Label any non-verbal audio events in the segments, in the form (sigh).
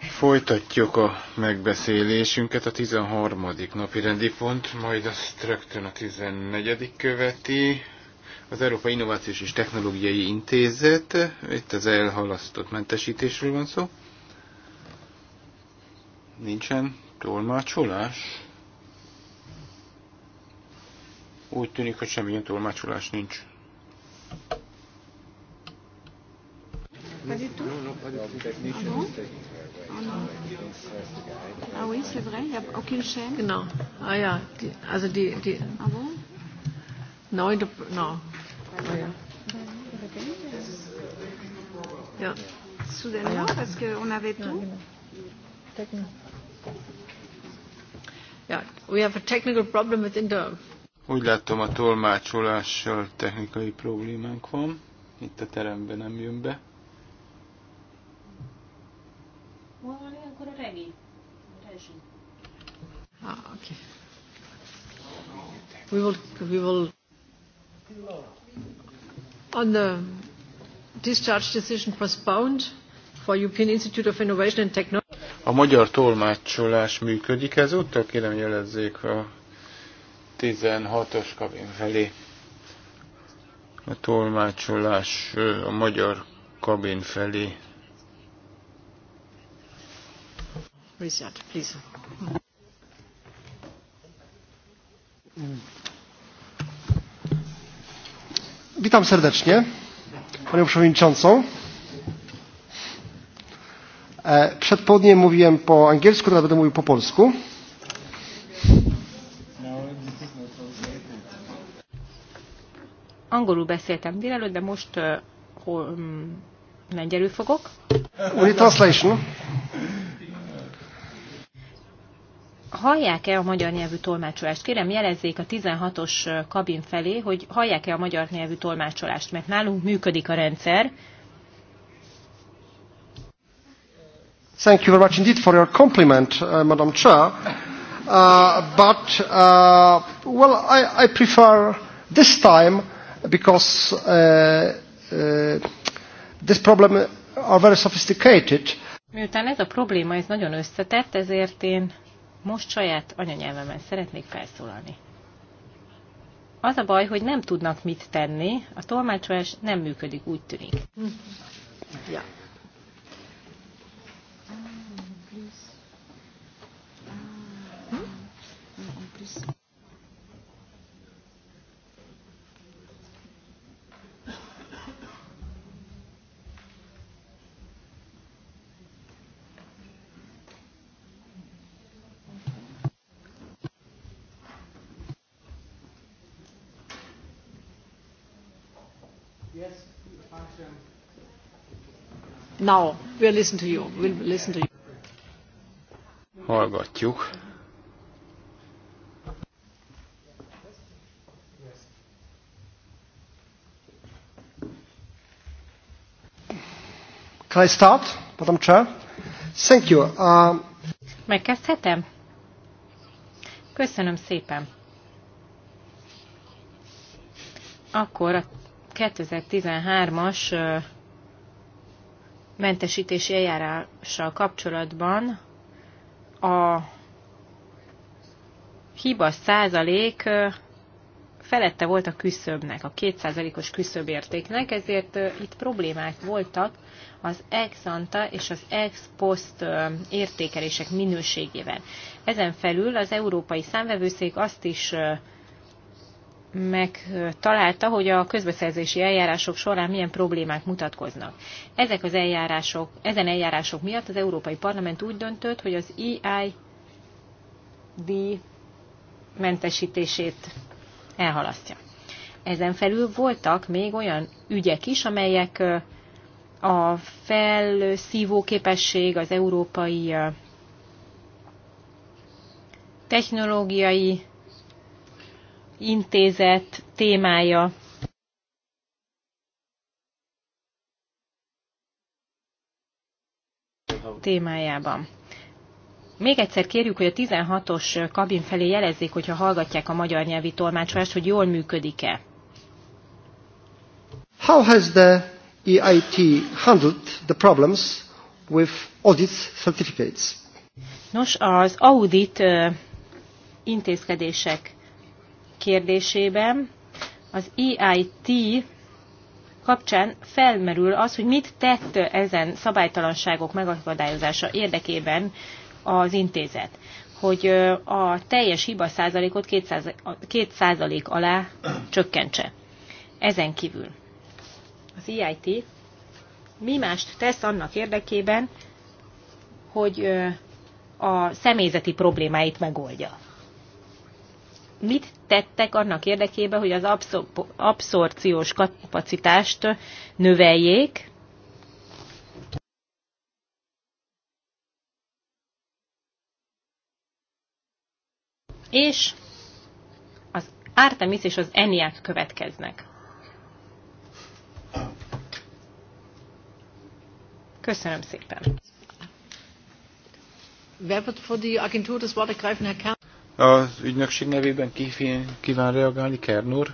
Folytatjuk a megbeszélésünket, a 13. napi rendi pont, majd azt rögtön a 14. követi. Az Európai Innovációs és Technológiai Intézet, itt az elhalasztott mentesítésről van szó. Nincsen tolmácsolás. Úgy tűnik, hogy semmilyen tolmácsolás nincs. Pas du tout Ah bon ah, ah oui, c'est vrai, il n'y a aucune chaîne Non. Ah ja, die, also ah, die, die ah bon neunte, no. Ah, ja. Ja. Soudainement, parce qu'on avait tout. Yeah, we have a technical problem with inter. Úgy látom, a tolmácsolással technikai problémánk van. Itt a teremben nem jön be. Ah, okay. We will, we will on the discharge decision postponed for European Institute of Innovation and Technology. A magyar tolmácsolás működik ez ezúttal, kérem jelezzék a 16-os kabin felé. A tolmácsolás a magyar kabin felé Richard, please. Witam serdecznie Panią Przewodniczącą. E, przed południem mówiłem po angielsku, teraz będę mówił po polsku. Angolul beszéltem délelőtt, de most uh, hol, um, lengyelül fogok. Only translation hallják-e a magyar nyelvű tolmácsolást? Kérem, jelezzék a 16-os kabin felé, hogy hallják-e a magyar nyelvű tolmácsolást, mert nálunk működik a rendszer. Thank you very much indeed for your compliment, uh, Madam Chair. Uh, but, uh, well, I, I prefer this time because uh, uh, this problem are very sophisticated. Miután ez a probléma, ez nagyon összetett, ezért én most saját anyanyelvemen szeretnék felszólalni. Az a baj, hogy nem tudnak mit tenni, a tolmácsolás nem működik, úgy tűnik. Ja. Ah, Hallgatjuk. Can I start, Madam Chair? Thank you. Uh... Megkezdhetem? Köszönöm szépen. Akkor a 2013-as mentesítési eljárással kapcsolatban a hiba százalék felette volt a küszöbnek, a kétszázalékos értéknek, ezért itt problémák voltak az ex ante és az ex post értékelések minőségével. Ezen felül az Európai Számvevőszék azt is megtalálta, hogy a közbeszerzési eljárások során milyen problémák mutatkoznak. Ezek az eljárások, ezen eljárások miatt az Európai Parlament úgy döntött, hogy az EID mentesítését elhalasztja. Ezen felül voltak még olyan ügyek is, amelyek a felszívó képesség, az európai technológiai intézet témája. témájában. Még egyszer kérjük, hogy a 16-os kabin felé jelezzék, hogyha hallgatják a magyar nyelvi tolmácsolást, hogy jól működik-e. How has the EIT handled the problems with audit certificates? Nos, az audit intézkedések kérdésében az EIT kapcsán felmerül az, hogy mit tett ezen szabálytalanságok megakadályozása érdekében az intézet, hogy a teljes hiba százalékot 2 százalék alá csökkentse. Ezen kívül az EIT mi mást tesz annak érdekében, hogy a személyzeti problémáit megoldja mit tettek annak érdekében, hogy az abszor abszorciós kapacitást növeljék, és az Artemis és az Eniac következnek. Köszönöm szépen. Wer wird für die Agentur das Wort ergreifen, Herr Kern? Az ügynökség nevében ki, kíván reagálni, Kern úr?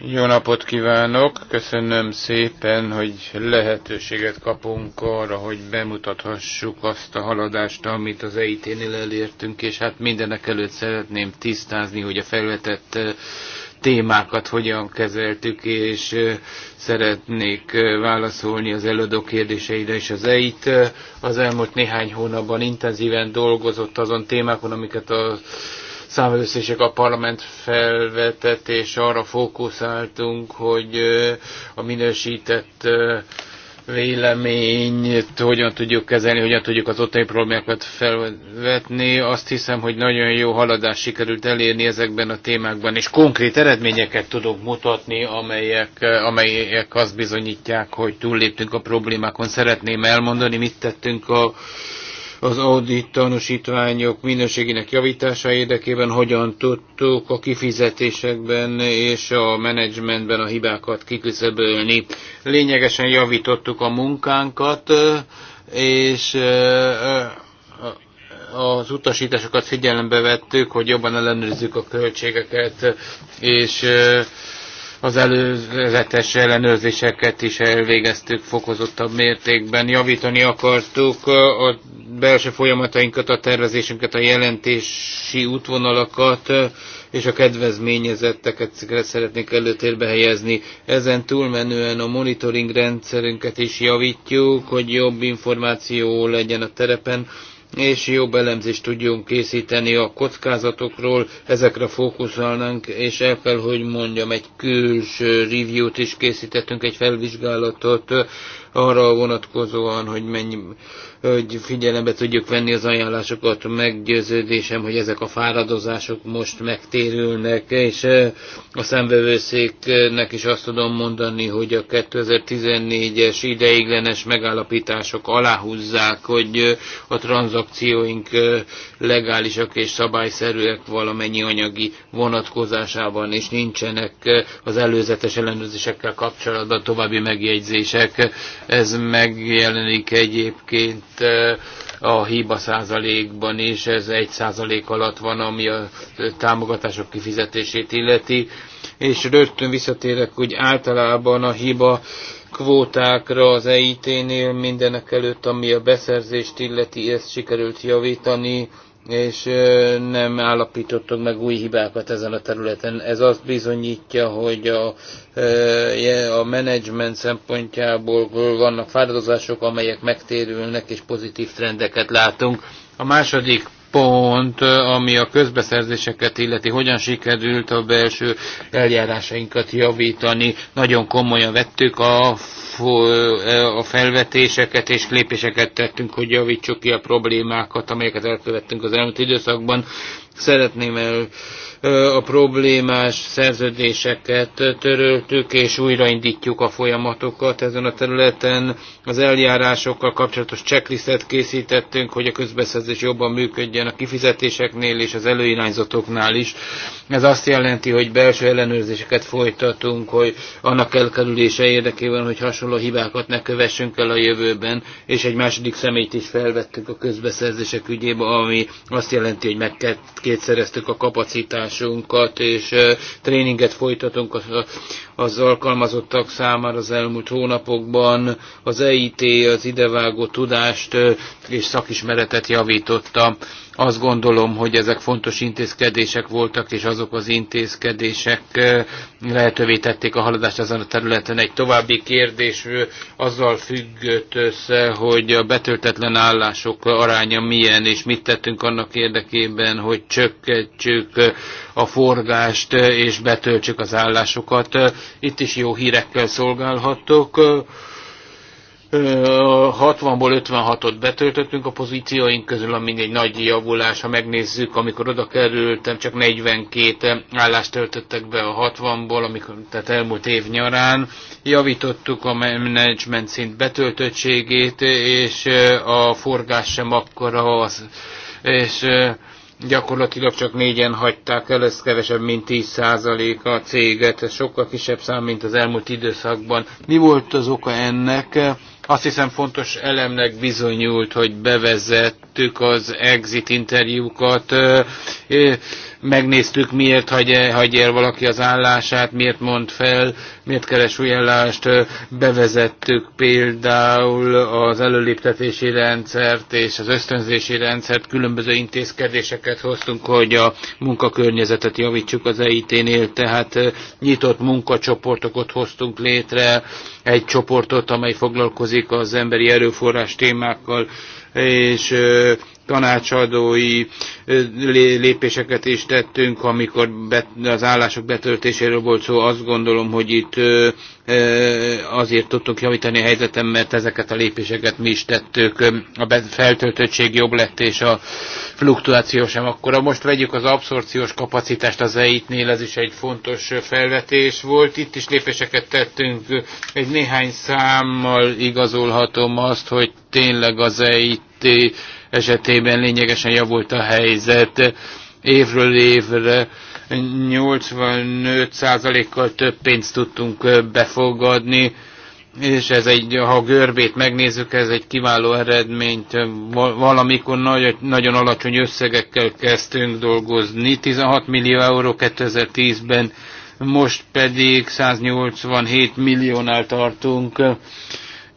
Jó napot kívánok! Köszönöm szépen, hogy lehetőséget kapunk arra, hogy bemutathassuk azt a haladást, amit az EIT-nél elértünk, és hát mindenek előtt szeretném tisztázni, hogy a felvetett témákat hogyan kezeltük, és szeretnék válaszolni az előadó kérdéseire és az EIT. Az elmúlt néhány hónapban intenzíven dolgozott azon témákon, amiket a számvevőszések a parlament felvetett, és arra fókuszáltunk, hogy a minősített véleményt, hogyan tudjuk kezelni, hogyan tudjuk az ottani problémákat felvetni. Azt hiszem, hogy nagyon jó haladást sikerült elérni ezekben a témákban, és konkrét eredményeket tudunk mutatni, amelyek, amelyek azt bizonyítják, hogy túlléptünk a problémákon. Szeretném elmondani, mit tettünk a az audit tanúsítványok minőségének javítása érdekében hogyan tudtuk a kifizetésekben és a menedzsmentben a hibákat kiküszöbölni. Lényegesen javítottuk a munkánkat, és az utasításokat figyelembe vettük, hogy jobban ellenőrizzük a költségeket, és az előzetes ellenőrzéseket is elvégeztük fokozottabb mértékben. Javítani akartuk a belső folyamatainkat, a tervezésünket, a jelentési útvonalakat, és a kedvezményezetteket szeretnék előtérbe helyezni. Ezen túlmenően a monitoring rendszerünket is javítjuk, hogy jobb információ legyen a terepen, és jobb elemzést tudjunk készíteni a kockázatokról, ezekre fókuszálnánk, és el kell, hogy mondjam, egy külső review-t is készítettünk, egy felvizsgálatot arra vonatkozóan, hogy, mennyi, hogy figyelembe tudjuk venni az ajánlásokat. Meggyőződésem, hogy ezek a fáradozások most megtérülnek, és eh, a szemvevőszéknek is azt tudom mondani, hogy a 2014-es ideiglenes megállapítások aláhúzzák, hogy eh, a tranzakcióink eh, legálisak és szabályszerűek valamennyi anyagi vonatkozásában, és nincsenek az előzetes ellenőrzésekkel kapcsolatban további megjegyzések. Ez megjelenik egyébként eh, a hiba százalékban is, ez egy százalék alatt van, ami a támogatások kifizetését illeti, és rögtön visszatérek, hogy általában a hiba kvótákra az EIT-nél mindenek előtt, ami a beszerzést illeti, ezt sikerült javítani, és nem állapítottak meg új hibákat ezen a területen. Ez azt bizonyítja, hogy a, a menedzsment szempontjából vannak fáradozások, amelyek megtérülnek, és pozitív trendeket látunk. A második pont, ami a közbeszerzéseket illeti, hogyan sikerült a belső eljárásainkat javítani. Nagyon komolyan vettük a a felvetéseket és lépéseket tettünk, hogy javítsuk ki a problémákat, amelyeket elkövettünk az elmúlt időszakban. Szeretném el a problémás szerződéseket töröltük, és újraindítjuk a folyamatokat ezen a területen. Az eljárásokkal kapcsolatos checklistet készítettünk, hogy a közbeszerzés jobban működjön a kifizetéseknél és az előirányzatoknál is. Ez azt jelenti, hogy belső ellenőrzéseket folytatunk, hogy annak elkerülése érdekében, hogy hasonló hasonló hibákat ne kövessünk el a jövőben, és egy második szemét is felvettük a közbeszerzések ügyébe, ami azt jelenti, hogy meg kétszereztük a kapacitásunkat, és tréninget folytatunk az alkalmazottak számára az elmúlt hónapokban. Az EIT az idevágó tudást és szakismeretet javította azt gondolom, hogy ezek fontos intézkedések voltak, és azok az intézkedések lehetővé tették a haladást ezen a területen. Egy további kérdés azzal függött össze, hogy a betöltetlen állások aránya milyen, és mit tettünk annak érdekében, hogy csökkentsük a forgást, és betöltsük az állásokat. Itt is jó hírekkel szolgálhatok 60-ból 56-ot betöltöttünk a pozícióink közül, ami egy nagy javulás, ha megnézzük, amikor oda kerültem, csak 42 állást töltöttek be a 60-ból, amikor, tehát elmúlt év nyarán. Javítottuk a menedzsment szint betöltöttségét, és a forgás sem akkora az, és gyakorlatilag csak négyen hagyták el, ez kevesebb, mint 10% a céget, ez sokkal kisebb szám, mint az elmúlt időszakban. Mi volt az oka ennek? Azt hiszem fontos elemnek bizonyult, hogy bevezettük az exit interjúkat, megnéztük, miért hagy, hagyja el valaki az állását, miért mond fel, miért keres új állást, bevezettük például az előléptetési rendszert és az ösztönzési rendszert, különböző intézkedéseket hoztunk, hogy a munkakörnyezetet javítsuk az EIT-nél, tehát nyitott munkacsoportokat hoztunk létre, egy csoportot, amely foglalkozik az emberi erőforrás témákkal, és tanácsadói lépéseket is tettünk, amikor az állások betöltéséről volt szó, azt gondolom, hogy itt azért tudtuk javítani a helyzetem, mert ezeket a lépéseket mi is tettük. A feltöltöttség jobb lett, és a fluktuáció sem akkora. Most vegyük az abszorciós kapacitást az EIT-nél, ez is egy fontos felvetés volt. Itt is lépéseket tettünk, egy néhány számmal igazolhatom azt, hogy tényleg az EIT esetében lényegesen javult a helyzet évről évre. 85%-kal több pénzt tudtunk befogadni, és ez egy, ha görbét megnézzük, ez egy kiváló eredményt. Valamikor nagy, nagyon alacsony összegekkel kezdtünk dolgozni, 16 millió euró 2010-ben, most pedig 187 milliónál tartunk.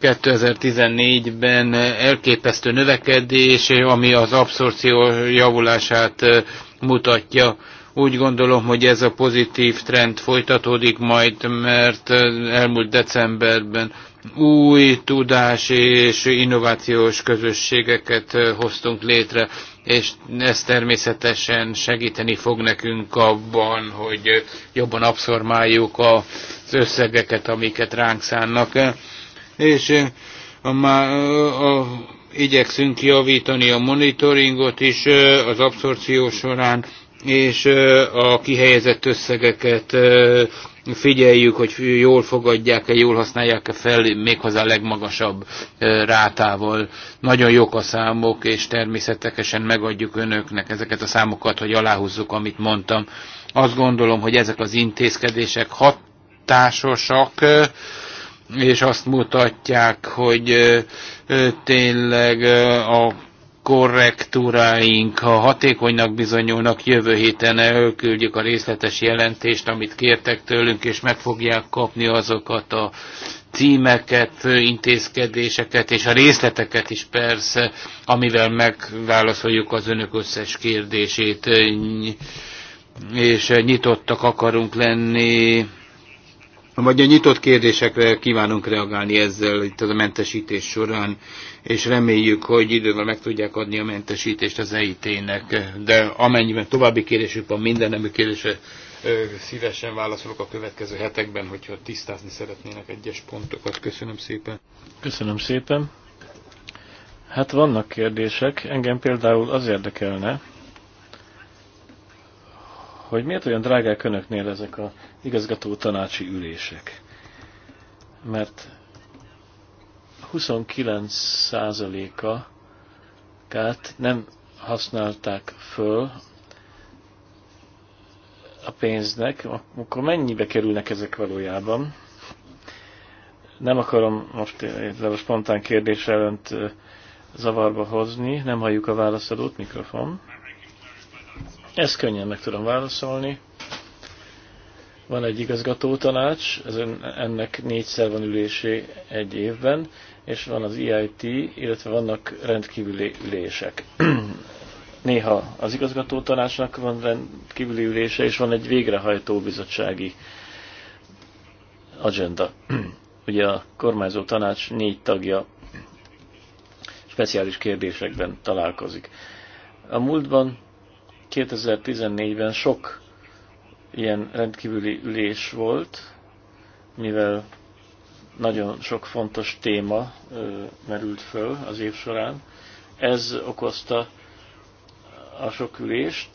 2014-ben elképesztő növekedés, ami az abszorció javulását mutatja. Úgy gondolom, hogy ez a pozitív trend folytatódik majd, mert elmúlt decemberben új tudás és innovációs közösségeket hoztunk létre, és ez természetesen segíteni fog nekünk abban, hogy jobban abszormáljuk az összegeket, amiket ránk szánnak és eh, a, a, eh, a, igyekszünk javítani a monitoringot is eh, az abszorció során, és a kihelyezett összegeket figyeljük, hogy jól fogadják-e, jól használják-e fel, méghozzá a legmagasabb rátával. Nagyon jók a számok, és természetesen megadjuk önöknek ezeket a számokat, hogy aláhúzzuk, amit mondtam. Azt gondolom, hogy ezek az intézkedések hatásosak, és azt mutatják, hogy tényleg a korrektúráink, ha hatékonynak bizonyulnak, jövő héten elküldjük a részletes jelentést, amit kértek tőlünk, és meg fogják kapni azokat a címeket, intézkedéseket, és a részleteket is persze, amivel megválaszoljuk az önök összes kérdését, és nyitottak akarunk lenni vagy a nyitott kérdésekre kívánunk reagálni ezzel itt a mentesítés során, és reméljük, hogy idővel meg tudják adni a mentesítést az EIT-nek, de amennyiben további kérdésük van, minden nemű kérdése szívesen válaszolok a következő hetekben, hogyha tisztázni szeretnének egyes pontokat. Köszönöm szépen. Köszönöm szépen. Hát vannak kérdések. Engem például az érdekelne, hogy miért olyan drágák önöknél ezek a igazgató tanácsi ülések. Mert 29%-át nem használták föl a pénznek, akkor mennyibe kerülnek ezek valójában? Nem akarom most a spontán kérdésre önt zavarba hozni, nem halljuk a válaszadót, mikrofon. Ezt könnyen meg tudom válaszolni. Van egy igazgató tanács, ez ennek négyszer van ülésé egy évben, és van az EIT, illetve vannak rendkívüli ülések. (clears throat) Néha az igazgató tanácsnak van rendkívüli ülése, és van egy végrehajtó bizottsági agenda. (clears throat) Ugye a kormányzó tanács négy tagja speciális kérdésekben találkozik. A múltban 2014-ben sok ilyen rendkívüli ülés volt, mivel nagyon sok fontos téma merült föl az év során. Ez okozta a sok ülést,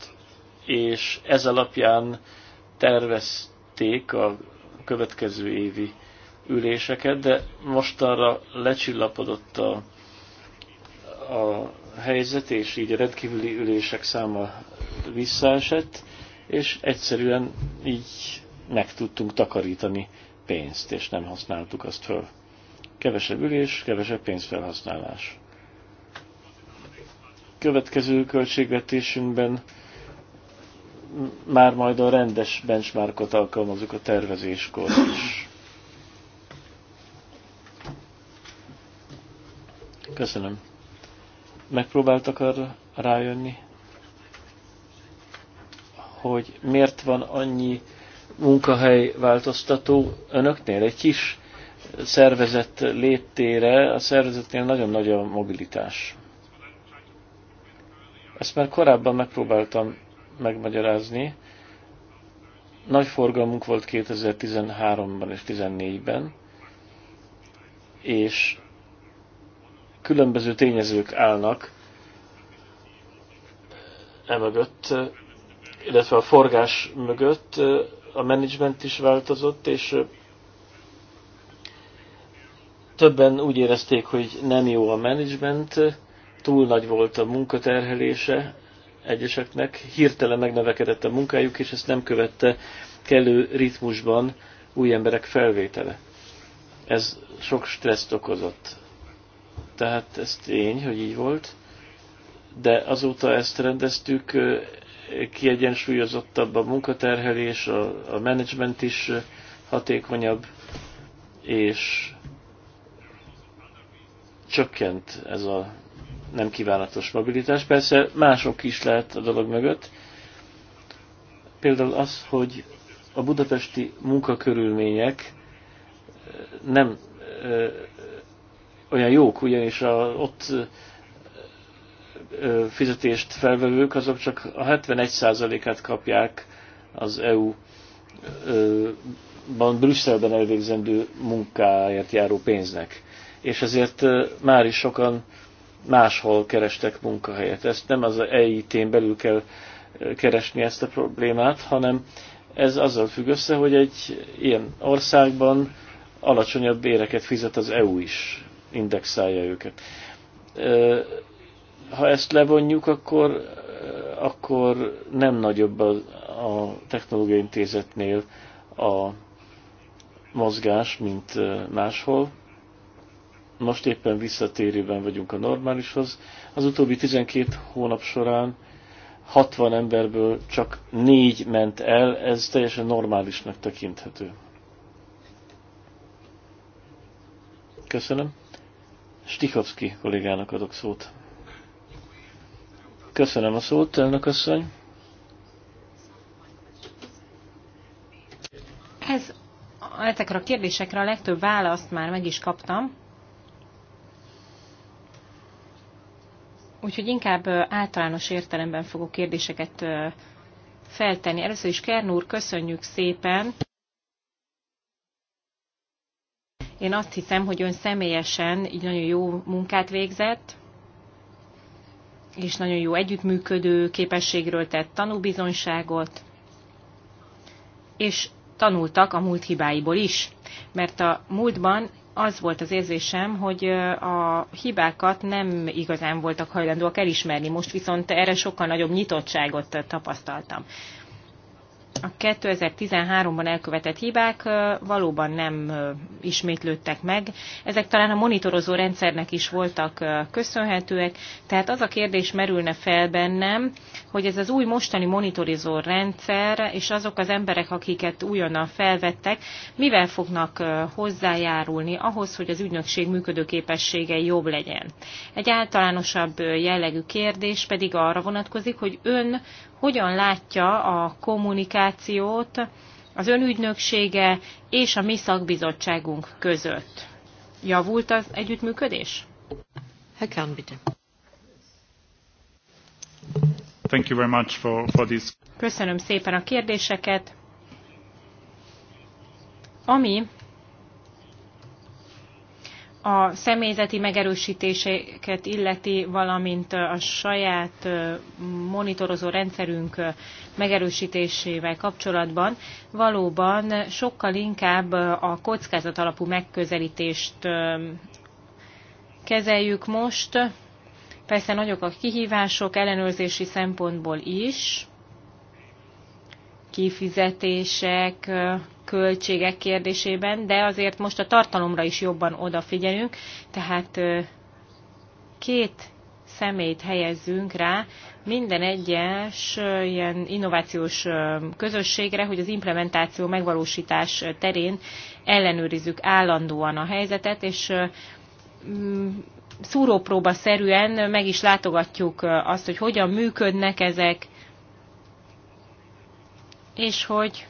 és ez alapján tervezték a következő évi üléseket, de mostanra lecsillapodott a, a helyzet, és így a rendkívüli ülések száma visszaesett, és egyszerűen így meg tudtunk takarítani pénzt, és nem használtuk azt föl. Kevesebb ülés, kevesebb pénzfelhasználás. Következő költségvetésünkben már majd a rendes benchmarkot alkalmazunk a tervezéskor is. Köszönöm. Megpróbáltak arra rájönni? hogy miért van annyi munkahely változtató önöknél. Egy kis szervezet léttére, a szervezetnél nagyon nagy a mobilitás. Ezt már korábban megpróbáltam megmagyarázni. Nagy forgalmunk volt 2013-ban és 2014-ben, és különböző tényezők állnak emögött illetve a forgás mögött a menedzsment is változott, és többen úgy érezték, hogy nem jó a menedzsment, túl nagy volt a munkaterhelése egyeseknek, hirtelen megnövekedett a munkájuk, és ezt nem követte kellő ritmusban új emberek felvétele. Ez sok stresszt okozott. Tehát ez tény, hogy így volt, de azóta ezt rendeztük, kiegyensúlyozottabb a munkaterhelés, a, a menedzsment is hatékonyabb, és csökkent ez a nem kívánatos mobilitás. Persze mások is lehet a dolog mögött. Például az, hogy a budapesti munkakörülmények eh, nem ö, eh, olyan jók, ugyanis a, ott fizetést felvevők, azok csak a 71%-át kapják az EU-ban Brüsszelben elvégzendő munkáért járó pénznek. És ezért már is sokan máshol kerestek munkahelyet. Ezt nem az EIT-n belül kell keresni ezt a problémát, hanem ez azzal függ össze, hogy egy ilyen országban alacsonyabb éreket fizet az EU is, indexálja őket ha ezt levonjuk, akkor, akkor nem nagyobb a, a Technológiai Intézetnél a mozgás, mint máshol. Most éppen visszatérőben vagyunk a normálishoz. Az utóbbi 12 hónap során 60 emberből csak 4 ment el, ez teljesen normálisnak tekinthető. Köszönöm. Stikovski kollégának adok szót. Köszönöm a szót, elnök asszony. Ez, ezekre a kérdésekre a legtöbb választ már meg is kaptam. Úgyhogy inkább általános értelemben fogok kérdéseket feltenni. Először is Kern úr, köszönjük szépen! Én azt hiszem, hogy ön személyesen így nagyon jó munkát végzett, és nagyon jó együttműködő képességről tett tanúbizonyságot, és tanultak a múlt hibáiból is, mert a múltban az volt az érzésem, hogy a hibákat nem igazán voltak hajlandóak elismerni, most viszont erre sokkal nagyobb nyitottságot tapasztaltam a 2013-ban elkövetett hibák valóban nem ismétlődtek meg. Ezek talán a monitorozó rendszernek is voltak köszönhetőek, tehát az a kérdés merülne fel bennem, hogy ez az új mostani monitorozó rendszer és azok az emberek, akiket újonnan felvettek, mivel fognak hozzájárulni ahhoz, hogy az ügynökség működőképessége jobb legyen. Egy általánosabb jellegű kérdés pedig arra vonatkozik, hogy ön hogyan látja a kommunikációt, kooperációt az önügynöksége és a mi szakbizottságunk között. Javult az együttműködés? Herr bitte. Thank you very much for, for this. Köszönöm szépen a kérdéseket. Ami a személyzeti megerősítéseket illeti, valamint a saját monitorozó rendszerünk megerősítésével kapcsolatban valóban sokkal inkább a kockázat alapú megközelítést kezeljük most. Persze nagyok a kihívások ellenőrzési szempontból is, kifizetések, költségek kérdésében, de azért most a tartalomra is jobban odafigyelünk, tehát két szemét helyezzünk rá minden egyes ilyen innovációs közösségre, hogy az implementáció megvalósítás terén ellenőrizzük állandóan a helyzetet, és szúrópróba szerűen meg is látogatjuk azt, hogy hogyan működnek ezek, és hogy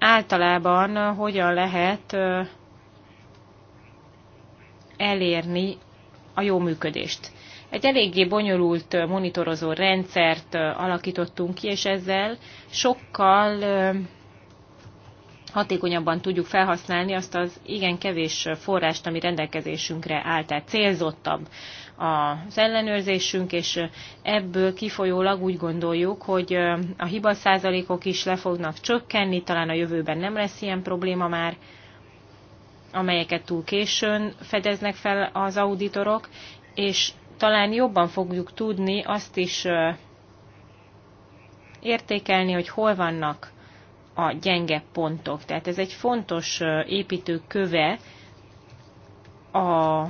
általában hogyan lehet elérni a jó működést. Egy eléggé bonyolult monitorozó rendszert alakítottunk ki, és ezzel sokkal hatékonyabban tudjuk felhasználni azt az igen kevés forrást, ami rendelkezésünkre áll, tehát célzottabb az ellenőrzésünk, és ebből kifolyólag úgy gondoljuk, hogy a hiba százalékok is le fognak csökkenni, talán a jövőben nem lesz ilyen probléma már, amelyeket túl későn fedeznek fel az auditorok, és talán jobban fogjuk tudni azt is értékelni, hogy hol vannak a gyenge pontok. Tehát ez egy fontos építőköve a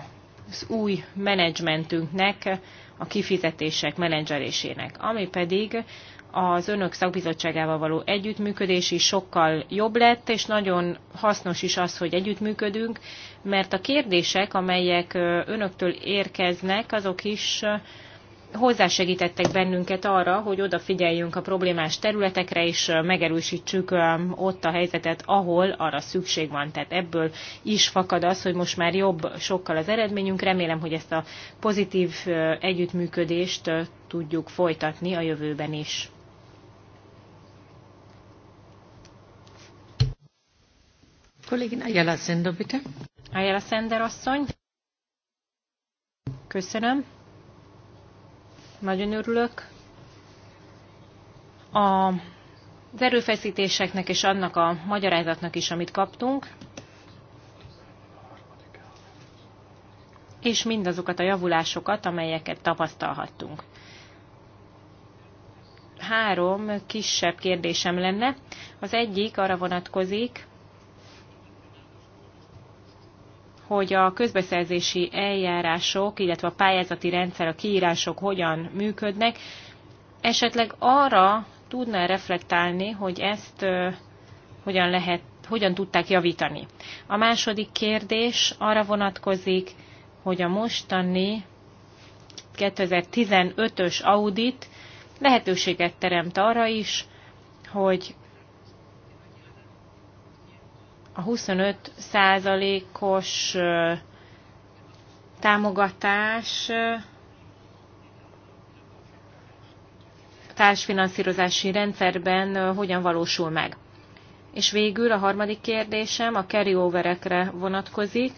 az új menedzsmentünknek, a kifizetések menedzselésének, ami pedig az önök szakbizottságával való együttműködés is sokkal jobb lett, és nagyon hasznos is az, hogy együttműködünk, mert a kérdések, amelyek önöktől érkeznek, azok is hozzásegítettek bennünket arra, hogy odafigyeljünk a problémás területekre, és megerősítsük ott a helyzetet, ahol arra szükség van. Tehát ebből is fakad az, hogy most már jobb sokkal az eredményünk. Remélem, hogy ezt a pozitív együttműködést tudjuk folytatni a jövőben is. Kollégin Ayala Sender, bitte. Ayala Sender asszony. Köszönöm. Nagyon örülök. A, az erőfeszítéseknek és annak a magyarázatnak is, amit kaptunk, és mindazokat a javulásokat, amelyeket tapasztalhattunk. Három kisebb kérdésem lenne. Az egyik arra vonatkozik, hogy a közbeszerzési eljárások, illetve a pályázati rendszer, a kiírások hogyan működnek. Esetleg arra tudná reflektálni, hogy ezt hogyan lehet, hogyan tudták javítani. A második kérdés arra vonatkozik, hogy a mostani 2015-ös audit lehetőséget teremt arra is, hogy a 25 százalékos támogatás társfinanszírozási rendszerben hogyan valósul meg. És végül a harmadik kérdésem a carryoverekre vonatkozik.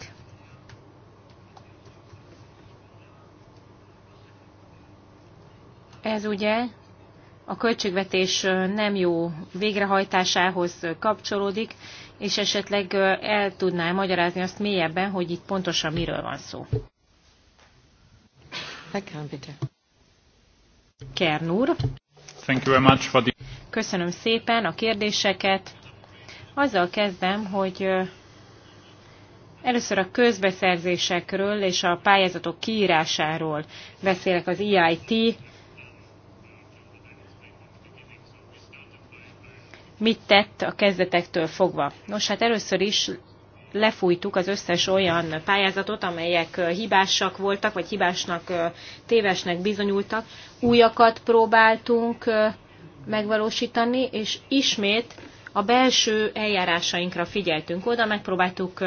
Ez ugye a költségvetés nem jó végrehajtásához kapcsolódik, és esetleg el tudná magyarázni azt mélyebben, hogy itt pontosan miről van szó. Kern úr. Thank you very much for the... Köszönöm szépen a kérdéseket. Azzal kezdem, hogy Először a közbeszerzésekről és a pályázatok kiírásáról beszélek az EIT mit tett a kezdetektől fogva. Nos, hát először is lefújtuk az összes olyan pályázatot, amelyek hibásak voltak, vagy hibásnak, tévesnek bizonyultak. Újakat próbáltunk megvalósítani, és ismét a belső eljárásainkra figyeltünk oda, megpróbáltuk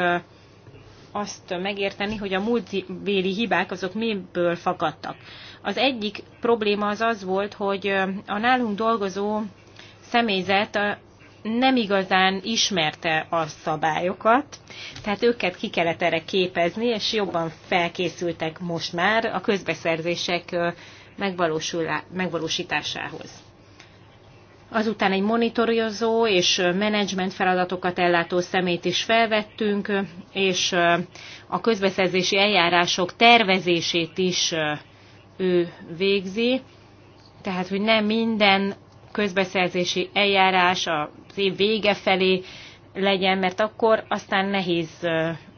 azt megérteni, hogy a múltbéli hibák azok miből fakadtak. Az egyik probléma az az volt, hogy a nálunk dolgozó személyzet nem igazán ismerte a szabályokat, tehát őket ki kellett erre képezni, és jobban felkészültek most már a közbeszerzések megvalósításához. Azután egy monitorozó és menedzsment feladatokat ellátó szemét is felvettünk, és a közbeszerzési eljárások tervezését is ő végzi, tehát hogy nem minden közbeszerzési eljárás az év vége felé legyen, mert akkor aztán nehéz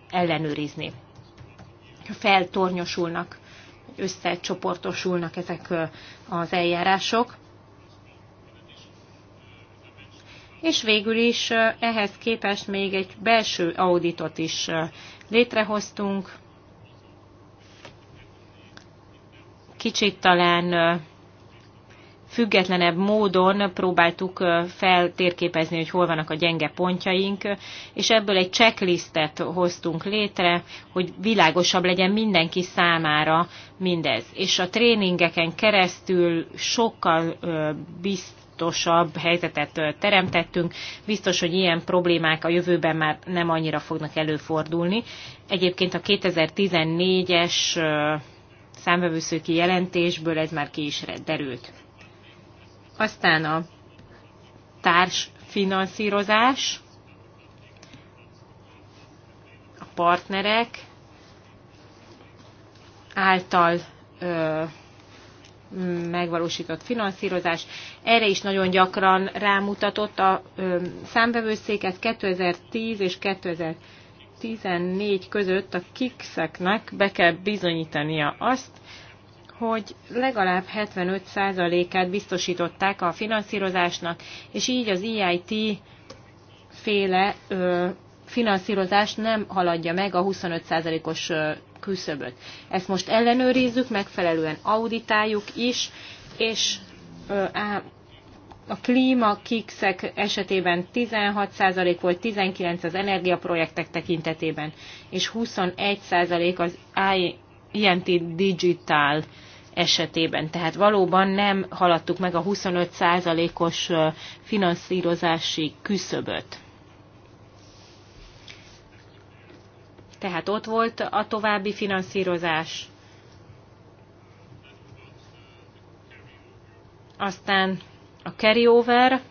ellenőrizni. Feltornyosulnak, összecsoportosulnak ezek az eljárások. És végül is ehhez képest még egy belső auditot is létrehoztunk. Kicsit talán függetlenebb módon próbáltuk feltérképezni, hogy hol vannak a gyenge pontjaink, és ebből egy checklistet hoztunk létre, hogy világosabb legyen mindenki számára mindez. És a tréningeken keresztül sokkal biztos, biztosabb helyzetet teremtettünk. Biztos, hogy ilyen problémák a jövőben már nem annyira fognak előfordulni. Egyébként a 2014-es számvevőszőki jelentésből ez már ki is derült. Aztán a társfinanszírozás, a partnerek által ö, megvalósított finanszírozás. Erre is nagyon gyakran rámutatott a ö, számvevőszék, 2010 és 2014 között a kikszeknek be kell bizonyítania azt, hogy legalább 75%-át biztosították a finanszírozásnak, és így az EIT féle ö, finanszírozás nem haladja meg a 25%-os küszöböt. Ezt most ellenőrizzük, megfelelően auditáljuk is, és ö, á, a kikszek esetében 16% volt, 19% az energiaprojektek tekintetében, és 21% az INT Digital esetében. Tehát valóban nem haladtuk meg a 25%-os finanszírozási küszöböt. Tehát ott volt a további finanszírozás. Aztán a carryover.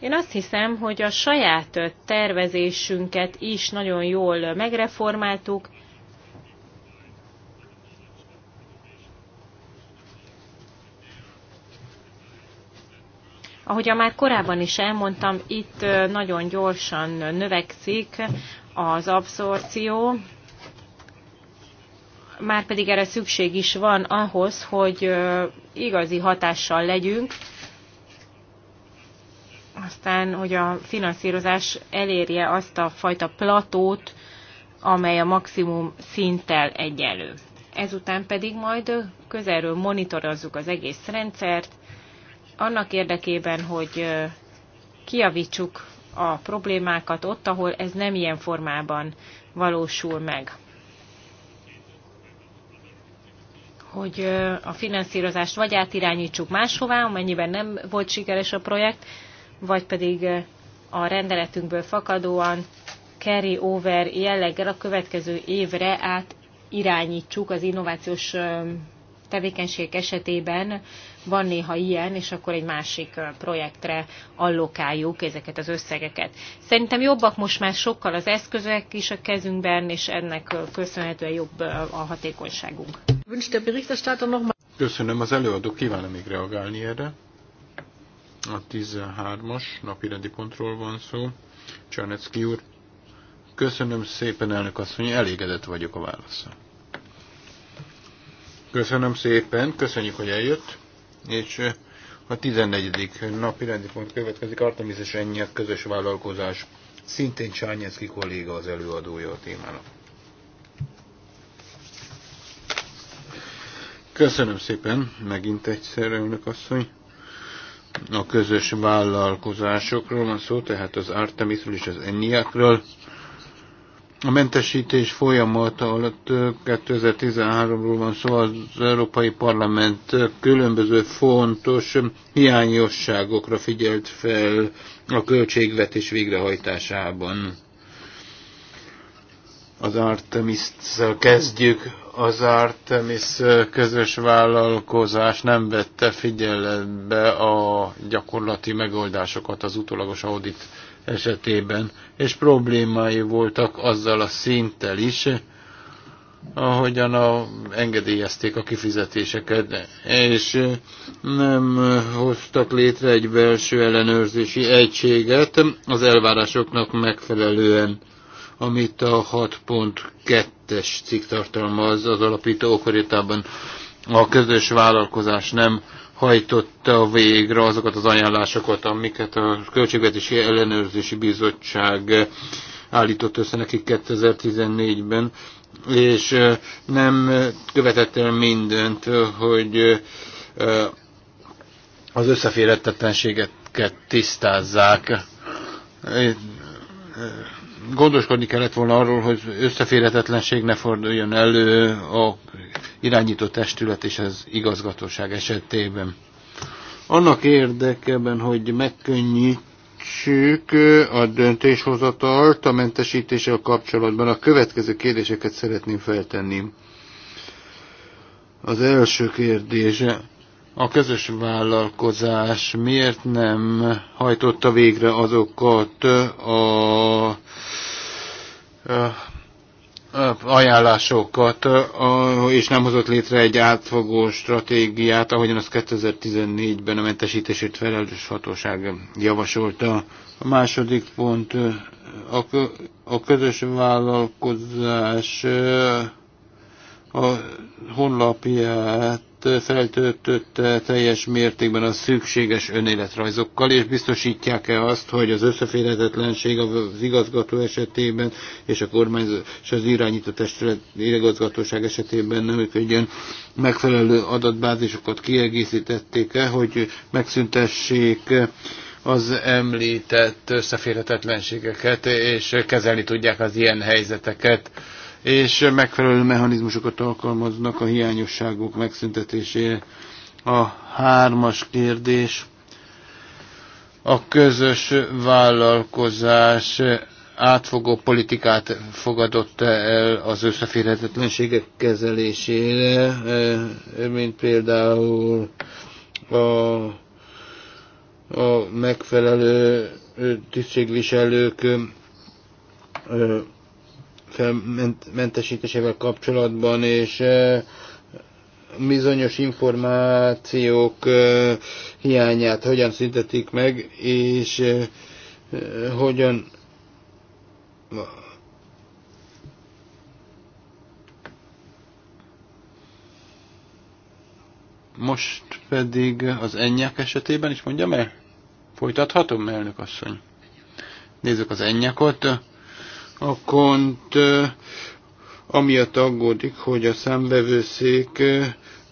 Én azt hiszem, hogy a saját tervezésünket is nagyon jól megreformáltuk, ahogy már korábban is elmondtam, itt nagyon gyorsan növekszik az abszorció, már pedig erre szükség is van ahhoz, hogy igazi hatással legyünk, aztán, hogy a finanszírozás elérje azt a fajta platót, amely a maximum szinttel egyenlő. Ezután pedig majd közelről monitorozzuk az egész rendszert, annak érdekében, hogy kiavítsuk a problémákat ott, ahol ez nem ilyen formában valósul meg. Hogy a finanszírozást vagy átirányítsuk máshová, amennyiben nem volt sikeres a projekt, vagy pedig a rendeletünkből fakadóan carry over jelleggel a következő évre át irányítsuk az innovációs tevékenység esetében van néha ilyen, és akkor egy másik projektre allokáljuk ezeket az összegeket. Szerintem jobbak most már sokkal az eszközök is a kezünkben, és ennek köszönhetően jobb a hatékonyságunk. Köszönöm, az előadó kívánna még reagálni erre. A 13-as napirendi pontról van szó. Csarnecki úr, köszönöm szépen, elnök asszony, elégedett vagyok a válaszsal. Köszönöm szépen, köszönjük, hogy eljött, és eh, a 14. napi rendi pont következik, Artemis és ennyi a közös vállalkozás. Szintén Csányecki kolléga az előadója a témának. Köszönöm szépen, megint egyszer, elnök asszony. A közös vállalkozásokról van szó, tehát az Artemisről és az Enniakről a mentesítés folyamata alatt 2013-ról van szó, az Európai Parlament különböző fontos hiányosságokra figyelt fel a költségvetés végrehajtásában. Az artemis kezdjük. Az Artemis közös vállalkozás nem vette figyelembe a gyakorlati megoldásokat az utólagos audit esetében, és problémái voltak azzal a szinttel is, ahogyan a, engedélyezték a kifizetéseket, és nem hoztak létre egy belső ellenőrzési egységet az elvárásoknak megfelelően, amit a 6.2-es cikk tartalmaz az alapító okorítában. A közös vállalkozás nem hajtotta végre azokat az ajánlásokat, amiket a Költségvetési Ellenőrzési Bizottság állított össze nekik 2014-ben, és nem követett el mindent, hogy az összeférhetetlenséget tisztázzák gondoskodni kellett volna arról, hogy összeférhetetlenség ne forduljon elő a irányító testület és az igazgatóság esetében. Annak érdekében, hogy megkönnyítsük a döntéshozatalt a mentesítéssel kapcsolatban, a következő kérdéseket szeretném feltenni. Az első kérdése a közös vállalkozás miért nem hajtotta végre azokat a, a ajánlásokat, és nem hozott létre egy átfogó stratégiát, ahogyan az 2014-ben a mentesítését felelős hatóság javasolta. A második pont a közös vállalkozás a honlapját alatt feltöltötte eh, teljes mértékben a szükséges önéletrajzokkal, és biztosítják-e azt, hogy az összeférhetetlenség az igazgató esetében és a kormány és az irányító testület igazgatóság esetében nem működjön. Megfelelő adatbázisokat kiegészítették-e, hogy megszüntessék az említett összeférhetetlenségeket, és kezelni tudják az ilyen helyzeteket és megfelelő mechanizmusokat alkalmaznak a hiányosságok megszüntetésére. A hármas kérdés a közös vállalkozás átfogó politikát fogadott el az összeférhetetlenségek kezelésére, eh, mint például a, a megfelelő tisztségviselők eh, mentesítésével kapcsolatban, és bizonyos információk hiányát hogyan szüntetik meg, és hogyan Most pedig az ennyek esetében is mondjam el? Folytathatom, elnök asszony? Nézzük az ennyekot. A kont amiatt aggódik, hogy a szembevőszék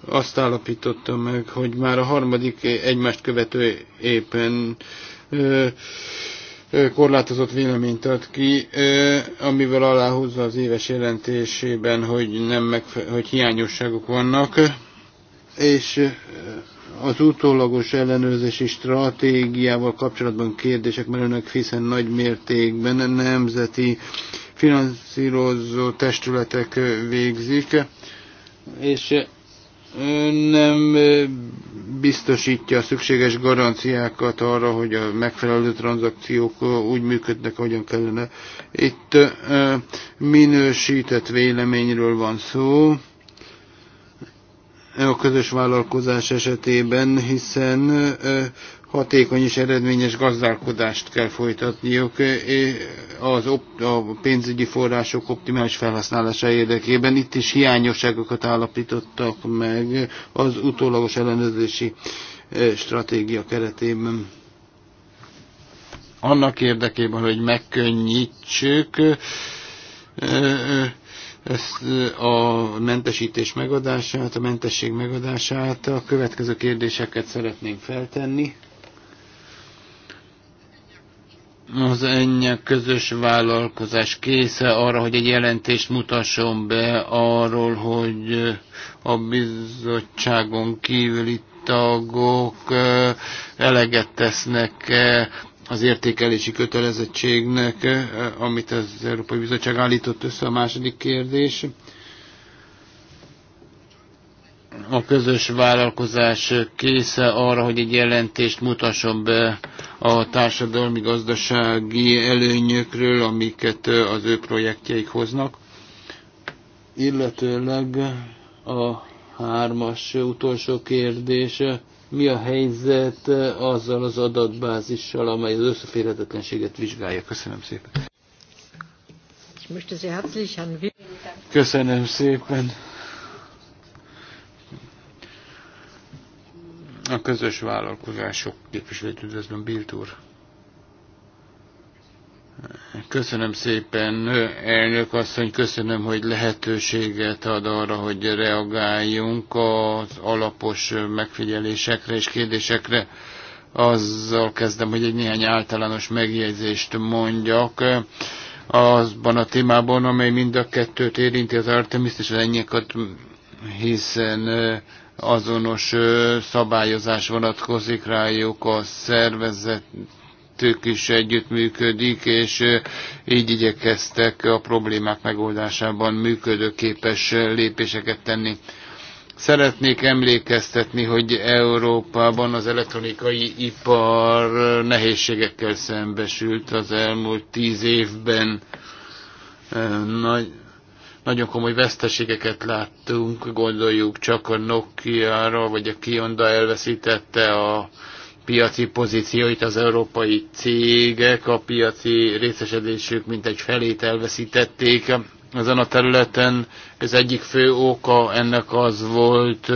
azt állapította meg, hogy már a harmadik egymást követő éppen korlátozott véleményt ad ki, amivel aláhúzza az éves jelentésében, hogy, nem megfe- hogy hiányosságok vannak és az utólagos ellenőrzési stratégiával kapcsolatban kérdések merülnek, hiszen nagy mértékben nemzeti finanszírozó testületek végzik, és nem biztosítja a szükséges garanciákat arra, hogy a megfelelő tranzakciók úgy működnek, ahogyan kellene. Itt minősített véleményről van szó, a közös vállalkozás esetében, hiszen hatékony és eredményes gazdálkodást kell folytatniuk az a pénzügyi források optimális felhasználása érdekében. Itt is hiányosságokat állapítottak meg az utólagos ellenőrzési stratégia keretében. Annak érdekében, hogy megkönnyítsük ezt a mentesítés megadását, a mentesség megadását. A következő kérdéseket szeretnénk feltenni. Az ennyi közös vállalkozás késze arra, hogy egy jelentést mutasson be arról, hogy a bizottságon kívüli tagok eleget tesznek az értékelési kötelezettségnek, eh, amit az Európai Bizottság állított össze a második kérdés. A közös vállalkozás késze arra, hogy egy jelentést mutasson be a társadalmi gazdasági előnyökről, amiket az ő projektjeik hoznak, illetőleg a hármas utolsó kérdése mi a helyzet azzal az adatbázissal, amely az összeférhetetlenséget vizsgálja. Köszönöm szépen. Köszönöm szépen. A közös vállalkozások képviselőt üdvözlöm, Bilt úr. Köszönöm szépen, elnök asszony, köszönöm, hogy lehetőséget ad arra, hogy reagáljunk az alapos megfigyelésekre és kérdésekre. Azzal kezdem, hogy egy néhány általános megjegyzést mondjak azban a témában, amely mind a kettőt érinti, az Artemis és az ennyikat, hiszen azonos szabályozás vonatkozik rájuk a szervezet kettők is együttműködik, és így igyekeztek a problémák megoldásában működőképes lépéseket tenni. Szeretnék emlékeztetni, hogy Európában az elektronikai ipar nehézségekkel szembesült az elmúlt tíz évben. Nagy, nagyon komoly veszteségeket láttunk, gondoljuk csak a Nokia-ra, vagy a Kionda elveszítette a piaci pozícióit az európai cégek, a piaci részesedésük mintegy felét elveszítették ezen a területen. Ez egyik fő oka ennek az volt,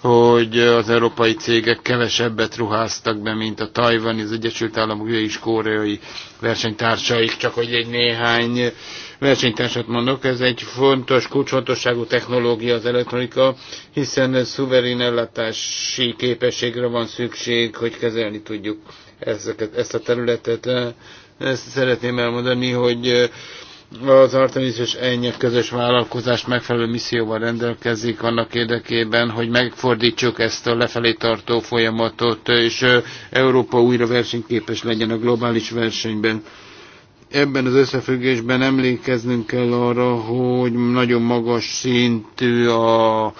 hogy az európai cégek kevesebbet ruháztak be, mint a tajvani, az Egyesült Államok és koreai versenytársaik, csak hogy egy néhány versenytársat mondok. Ez egy fontos, kulcsfontosságú technológia az elektronika, hiszen szuverén ellátási képességre van szükség, hogy kezelni tudjuk ezeket, ezt a területet. Ezt szeretném elmondani, hogy az Artemis és ennyi közös vállalkozás megfelelő misszióval rendelkezik annak érdekében, hogy megfordítsuk ezt a lefelé tartó folyamatot, és Európa újra versenyképes legyen a globális versenyben. Ebben az összefüggésben emlékeznünk kell arra, hogy nagyon magas szintű a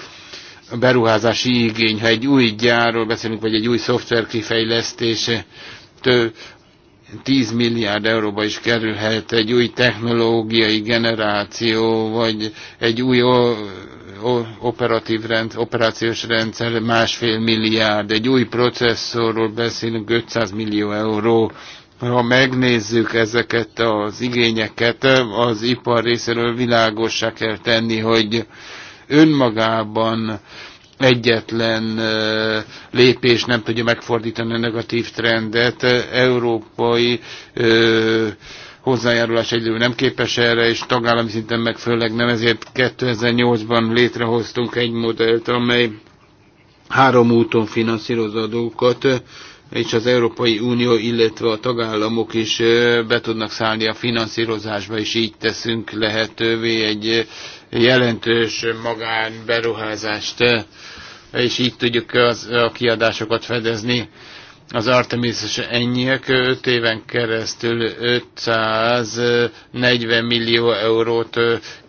beruházási igény. Ha egy új gyárról beszélünk, vagy egy új szoftver kifejlesztése, több 10 milliárd euróba is kerülhet egy új technológiai generáció, vagy egy új operatív rend, operációs rendszer másfél milliárd, egy új processzorról beszélünk 500 millió euró, ha megnézzük ezeket az igényeket, az ipar részéről világossá kell tenni, hogy önmagában egyetlen lépés nem tudja megfordítani a negatív trendet. Európai hozzájárulás egyedül nem képes erre, és tagállami szinten meg főleg nem, ezért 2008-ban létrehoztunk egy modellt, amely három úton finanszírozza és az Európai Unió, illetve a tagállamok is be tudnak szállni a finanszírozásba, és így teszünk lehetővé egy jelentős magánberuházást, és így tudjuk az, a kiadásokat fedezni az artemis és ennyiek 5 éven keresztül 540 millió eurót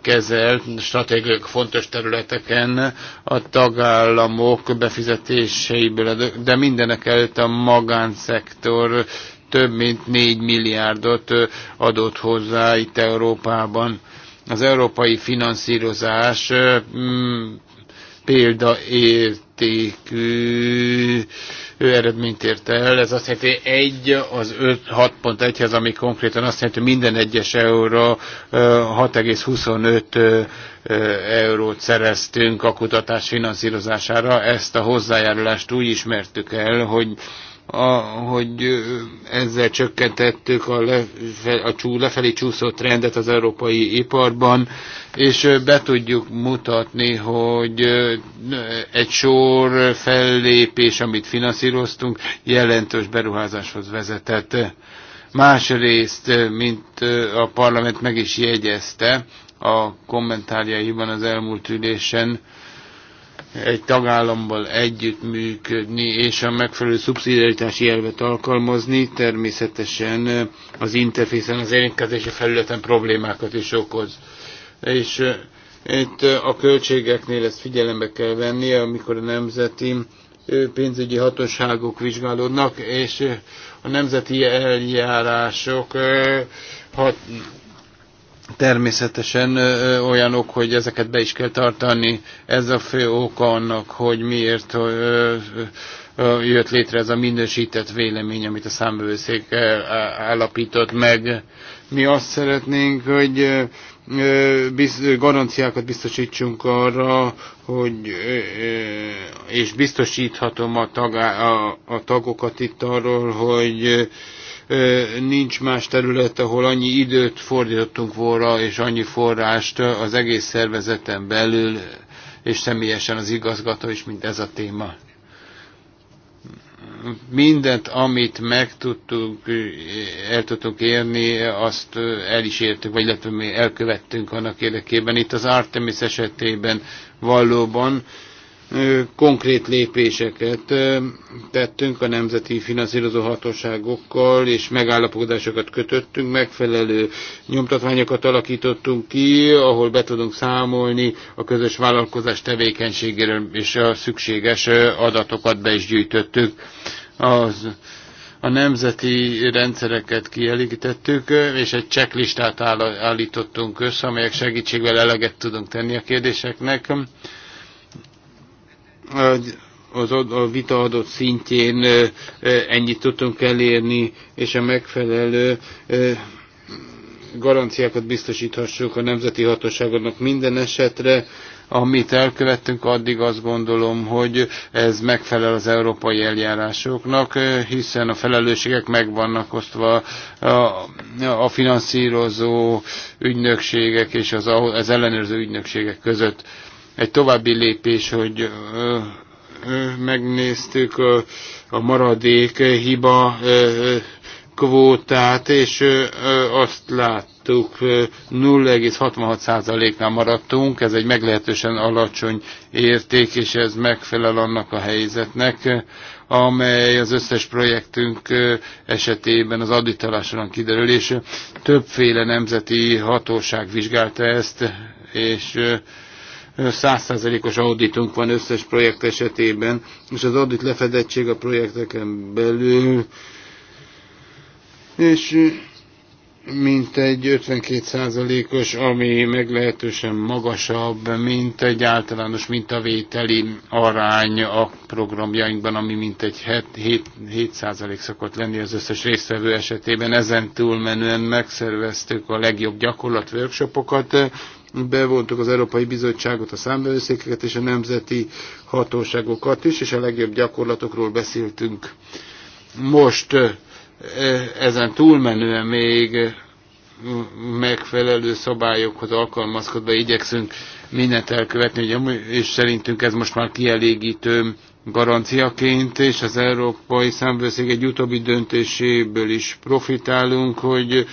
kezelt stratégiai fontos területeken a tagállamok befizetéseiből, de mindenek előtt a magánszektor több mint 4 milliárdot adott hozzá itt Európában. Az európai finanszírozás mm, példaértékű ő eredményt érte el. Ez azt jelenti, egy az 6.1-hez, ami konkrétan azt jelenti, hogy minden egyes euró 6,25 eurót szereztünk a kutatás finanszírozására. Ezt a hozzájárulást úgy ismertük el, hogy a, hogy ezzel csökkentettük a, lefe, a csú, lefelé csúszó trendet az európai iparban, és be tudjuk mutatni, hogy egy sor fellépés, amit finanszíroztunk, jelentős beruházáshoz vezetett. Másrészt, mint a parlament meg is jegyezte a kommentárjaiban az elmúlt ülésen, egy tagállammal együttműködni és a megfelelő szubszidiaritási elvet alkalmazni természetesen az interfészen, az érintkezési felületen problémákat is okoz. És eh, itt a költségeknél ezt figyelembe kell venni, amikor a nemzeti eh, pénzügyi hatóságok vizsgálódnak, és eh, a nemzeti eljárások hat, Természetesen ö, olyanok, hogy ezeket be is kell tartani. Ez a fő oka annak, hogy miért ö, ö, jött létre ez a minősített vélemény, amit a számbevőszék állapított meg. Mi azt szeretnénk, hogy garanciákat biztosítsunk arra, hogy és biztosíthatom a, tagá, a, a tagokat itt arról, hogy nincs más terület, ahol annyi időt fordítottunk volna, és annyi forrást az egész szervezeten belül, és személyesen az igazgató is, mint ez a téma. Mindent, amit meg tudtunk, el tudtunk érni, azt el is értük, vagy illetve mi elkövettünk annak érdekében. Itt az Artemis esetében valóban konkrét lépéseket tettünk a nemzeti finanszírozó hatóságokkal, és megállapodásokat kötöttünk, megfelelő nyomtatványokat alakítottunk ki, ahol be tudunk számolni a közös vállalkozás tevékenységéről, és a szükséges adatokat be is gyűjtöttük. Az a nemzeti rendszereket kielégítettük, és egy cseklistát állítottunk össze, amelyek segítségvel eleget tudunk tenni a kérdéseknek az a vita adott szintjén ennyit tudtunk elérni, és a megfelelő garanciákat biztosíthassuk a nemzeti hatóságoknak minden esetre, amit elkövettünk, addig azt gondolom, hogy ez megfelel az európai eljárásoknak, hiszen a felelősségek meg vannak osztva a, a finanszírozó ügynökségek és az, az ellenőrző ügynökségek között egy további lépés, hogy megnéztük a maradék hiba kvótát, és azt láttuk, 0,66%-nál maradtunk, ez egy meglehetősen alacsony érték, és ez megfelel annak a helyzetnek, amely az összes projektünk esetében az auditálásról kiderül, és többféle nemzeti hatóság vizsgálta ezt, és százszázalékos auditunk van összes projekt esetében, és az audit lefedettség a projekteken belül, és mint egy 52%-os, ami meglehetősen magasabb, mint egy általános mintavételi arány a programjainkban, ami mint egy 7% szokott lenni az összes résztvevő esetében. Ezen túlmenően megszerveztük a legjobb gyakorlat workshopokat, bevontuk az Európai Bizottságot, a számbevőszékeket és a nemzeti hatóságokat is, és a legjobb gyakorlatokról beszéltünk. Most ezen túlmenően még megfelelő szabályokhoz alkalmazkodva igyekszünk mindent elkövetni, és szerintünk ez most már kielégítő garanciaként, és az Európai Számvőszék egy utóbbi döntéséből is profitálunk, hogy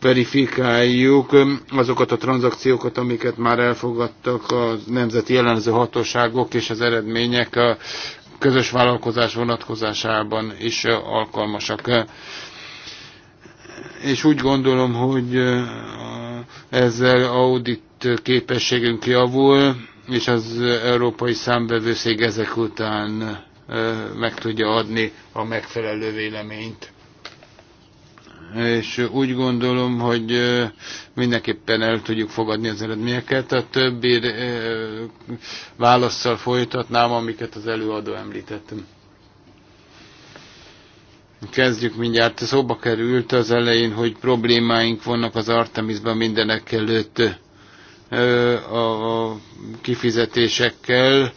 verifikáljuk azokat a tranzakciókat, amiket már elfogadtak a nemzeti jellemző hatóságok, és az eredmények a közös vállalkozás vonatkozásában is alkalmasak. És úgy gondolom, hogy ezzel audit képességünk javul, és az Európai Számbevőszék ezek után meg tudja adni a megfelelő véleményt. És úgy gondolom, hogy mindenképpen el tudjuk fogadni az eredményeket. A többi válaszsal folytatnám, amiket az előadó említettem. Kezdjük mindjárt. Szóba került az elején, hogy problémáink vannak az Artemisban mindenek előtt a kifizetésekkel.